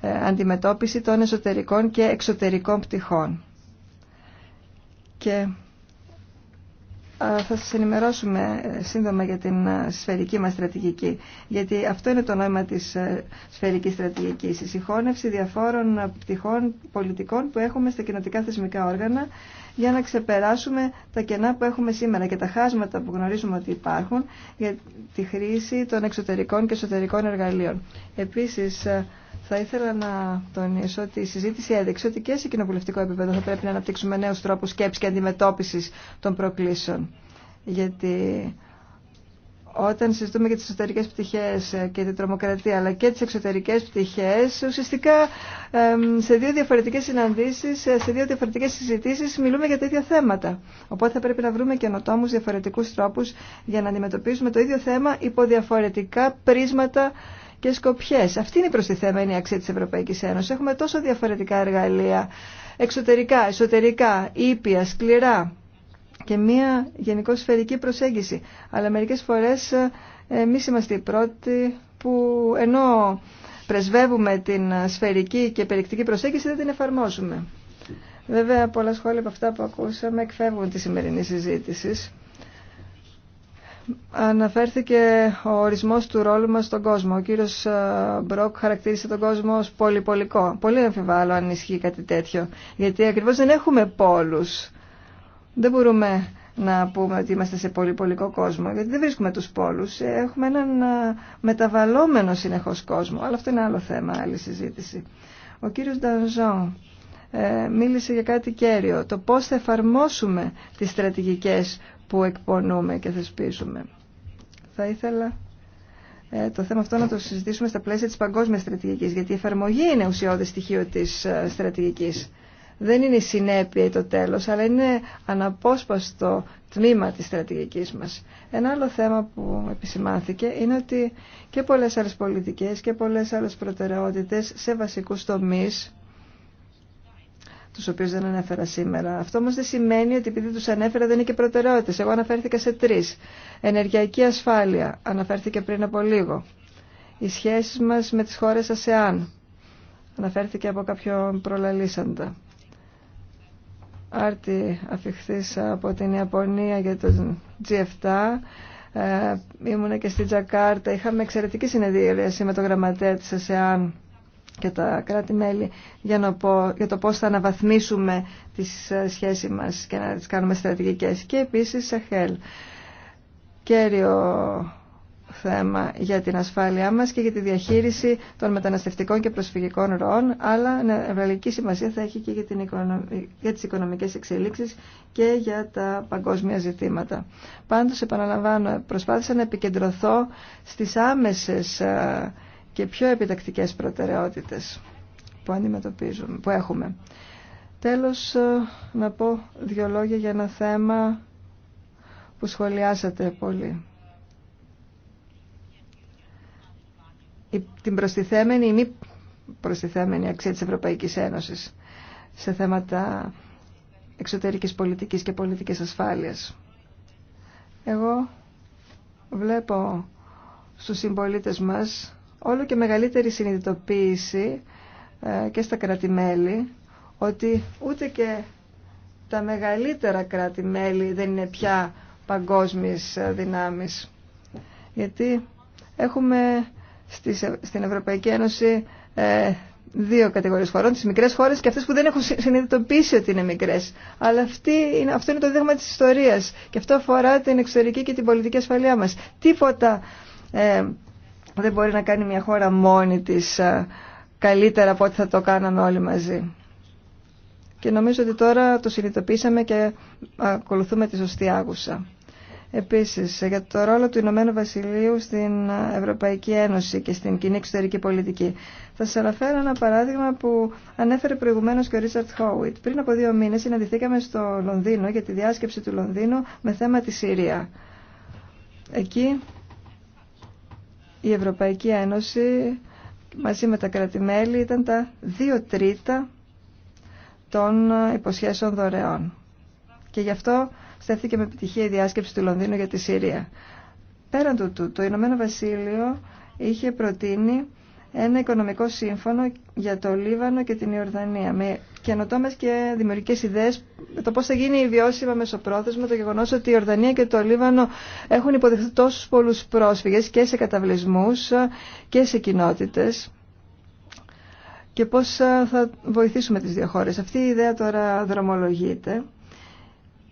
ε, αντιμετώπιση των εσωτερικών και εξωτερικών πτυχών θα σας ενημερώσουμε ε, σύντομα για την ε, σφαιρική μας στρατηγική. Γιατί αυτό είναι το νόημα της ε, σφαιρικής στρατηγικής. Η συγχώνευση διαφόρων πτυχών πολιτικών που έχουμε στα κοινοτικά θεσμικά όργανα για να ξεπεράσουμε τα κενά που έχουμε σήμερα και τα χάσματα που γνωρίζουμε ότι υπάρχουν για τη χρήση των εξωτερικών και εσωτερικών εργαλείων. Επίσης, θα ήθελα να τονίσω ότι η συζήτηση έδειξε ότι και σε κοινοβουλευτικό επίπεδο θα πρέπει να αναπτύξουμε νέους τρόπους σκέψης και αντιμετώπισης των προκλήσεων. Γιατί όταν συζητούμε για τις εσωτερικέ πτυχές και την τρομοκρατία αλλά και τις εξωτερικές πτυχές ουσιαστικά σε δύο διαφορετικές συναντήσει, σε δύο διαφορετικέ συζητήσεις μιλούμε για τα ίδια θέματα. Οπότε θα πρέπει να βρούμε καινοτόμους διαφορετικούς τρόπους για να αντιμετωπίσουμε το ίδιο θέμα υπό διαφορετικά πρίσματα και σκοπιές. Αυτή είναι η προστιθέμενη αξία της Ευρωπαϊκής Ένωσης. Έχουμε τόσο διαφορετικά εργαλεία, εξωτερικά, εσωτερικά, ήπια, σκληρά και μία γενικώ σφαιρική προσέγγιση. Αλλά μερικές φορές ε, εμεί είμαστε οι πρώτοι που ενώ πρεσβεύουμε την σφαιρική και περιεκτική προσέγγιση δεν την εφαρμόζουμε. Βέβαια πολλά σχόλια από αυτά που ακούσαμε εκφεύγουν τη σημερινή συζήτηση. Αναφέρθηκε ο ορισμός του ρόλου μας στον κόσμο. Ο κύριος ε, Μπρόκ χαρακτήρισε τον κόσμο ως πολυπολικό. Πολύ αμφιβάλλω αν ισχύει κάτι τέτοιο. Γιατί ακριβώς δεν έχουμε πόλους. Δεν μπορούμε να πούμε ότι είμαστε σε πολυπολικό κόσμο, γιατί δεν βρίσκουμε τους πόλους. Έχουμε έναν ε, μεταβαλλόμενο συνεχώς κόσμο. Αλλά αυτό είναι άλλο θέμα, άλλη συζήτηση. Ο κύριος Ντανζόν ε, μίλησε για κάτι κέριο, το πώς θα εφαρμόσουμε τις στρατηγικές που εκπονούμε και θεσπίζουμε. Θα ήθελα ε, το θέμα αυτό να το συζητήσουμε στα πλαίσια της παγκόσμιας στρατηγικής, γιατί η εφαρμογή είναι ουσιώδη στοιχείο της ε, στρατηγικής. Δεν είναι η συνέπεια το τέλος, αλλά είναι αναπόσπαστο τμήμα της στρατηγικής μας. Ένα άλλο θέμα που επισημάνθηκε είναι ότι και πολλές άλλες πολιτικές και πολλές άλλες προτεραιότητες σε βασικούς τομείς τους οποίους δεν ανέφερα σήμερα. Αυτό όμως δεν σημαίνει ότι επειδή τους ανέφερα δεν είναι και προτεραιότητες. Εγώ αναφέρθηκα σε τρεις. Ενεργειακή ασφάλεια, αναφέρθηκε πριν από λίγο. Οι σχέσεις μας με τις χώρες ΑΣΕΑΝ, αναφέρθηκε από κάποιον προλαλήσαντα. Άρτη αφιχθής από την Ιαπωνία για το G7, ε, και στη Τζακάρτα, είχαμε εξαιρετική συνεδρίαση με τον γραμματέα της ΑΣΕΑΝ και τα κράτη-μέλη για, για το πώς θα αναβαθμίσουμε τις ε, σχέσεις μας και να τις κάνουμε στρατηγικές. Και επίσης Σαχέλ, κέριο θέμα για την ασφάλειά μας και για τη διαχείριση των μεταναστευτικών και προσφυγικών ροών, αλλά ναι, ευρωπαϊκή σημασία θα έχει και για, την για τις οικονομικές εξελίξεις και για τα παγκόσμια ζητήματα. Πάντως, επαναλαμβάνω, προσπάθησα να επικεντρωθώ στις άμεσες ε, και πιο επιτακτικές προτεραιότητες που αντιμετωπίζουμε, που έχουμε. Τέλος, ε, να πω δύο λόγια για ένα θέμα που σχολιάσατε πολύ. Την προστιθέμενη ή μη προστιθέμενη αξία της Ευρωπαϊκής Ένωσης σε θέματα εξωτερικής πολιτικής και πολιτικής ασφάλειας. Εγώ βλέπω στους συμπολίτες μας όλο και μεγαλύτερη συνειδητοποίηση ε, και στα κρατημέλη, ότι ούτε και τα μεγαλύτερα κράτη-μέλη δεν είναι πια παγκόσμιες ε, δυνάμεις. Γιατί έχουμε ε, στην Ευρωπαϊκή Ένωση δύο κατηγορίες χωρών, τις μικρές χώρες και αυτές που δεν έχουν συνειδητοποιήσει ότι είναι μικρές. Αλλά αυτή, αυτό είναι το δείγμα της ιστορίας και αυτό αφορά την εξωτερική και την πολιτική ασφαλεία μας. Τίποτα ε, δεν μπορεί να κάνει μια χώρα μόνη της ε, καλύτερα από ό,τι θα το κάναμε όλοι μαζί. Και νομίζω ότι τώρα το συνειδητοποίησαμε και ακολουθούμε τη σωστή άγουσα. Επίσης, για το ρόλο του Ηνωμένου Βασιλείου στην Ευρωπαϊκή Ένωση και στην κοινή εξωτερική πολιτική. Θα σας αναφέρω ένα παράδειγμα που ανέφερε προηγουμένως και ο Ρίτσαρτ Χόουιτ. Πριν από δύο μήνες συναντηθήκαμε στο Λονδίνο για τη διάσκεψη του Λονδίνου με θέμα τη Συρία. Εκεί η Ευρωπαϊκή Ένωση μαζί με τα κράτη-μέλη ήταν τα δύο τρίτα των υποσχέσεων δωρεών. Και γι' αυτό στέφθηκε με επιτυχία η διάσκεψη του Λονδίνου για τη Συρία. Πέραν του τούτου, το Ηνωμένο Βασίλειο είχε προτείνει ένα οικονομικό σύμφωνο για το Λίβανο και την Ιορδανία με καινοτόμε και δημιουργικές ιδέες το πώς θα γίνει η βιώσιμα μεσοπρόθεσμα το γεγονός ότι η Ιορδανία και το Λίβανο έχουν υποδεχθεί τόσους πολλούς πρόσφυγες και σε καταβλισμούς και σε κοινότητες και πώς ε, θα βοηθήσουμε τις δύο χώρες. Αυτή η ιδέα τώρα δρομολογείται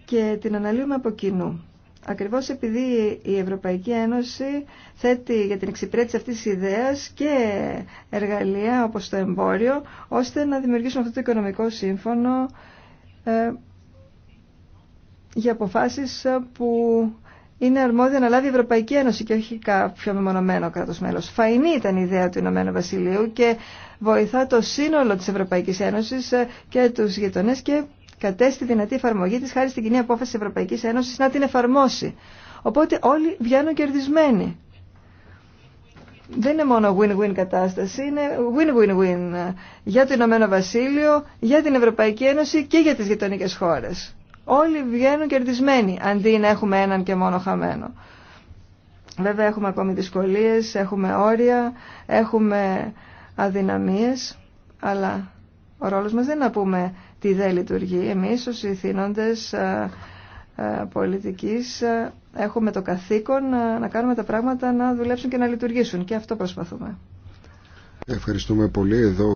και την αναλύουμε από κοινού. Ακριβώς επειδή η Ευρωπαϊκή Ένωση θέτει για την εξυπηρέτηση αυτής της ιδέας και εργαλεία όπως το εμπόριο, ώστε να δημιουργήσουμε αυτό το οικονομικό σύμφωνο ε, για αποφάσεις που είναι αρμόδια να λάβει η Ευρωπαϊκή Ένωση και όχι κάποιο μεμονωμένο κράτος μέλος. Φαϊνή ήταν η ιδέα του Ηνωμένου Βασιλείου και βοηθά το σύνολο της Ευρωπαϊκής Ένωσης ε, και τους γειτονές και κατέστη δυνατή εφαρμογή της χάρη στην κοινή απόφαση της Ευρωπαϊκής Ένωσης να την εφαρμόσει. Οπότε όλοι βγαίνουν κερδισμένοι. Δεν είναι μόνο win-win κατάσταση, είναι win-win-win για το Ηνωμένο Βασίλειο, για την Ευρωπαϊκή Ένωση και για τις γειτονικέ χώρες. Όλοι βγαίνουν κερδισμένοι, αντί να έχουμε έναν και μόνο χαμένο. Βέβαια έχουμε ακόμη δυσκολίες, έχουμε όρια, έχουμε αδυναμίες, αλλά ο ρόλος μας δεν είναι να πούμε τι δεν λειτουργεί. Εμείς ως ηθήνοντες ε, ε, πολιτικής ε, έχουμε το καθήκον να κάνουμε τα πράγματα να δουλέψουν και να λειτουργήσουν και αυτό προσπαθούμε. Ευχαριστούμε πολύ εδώ.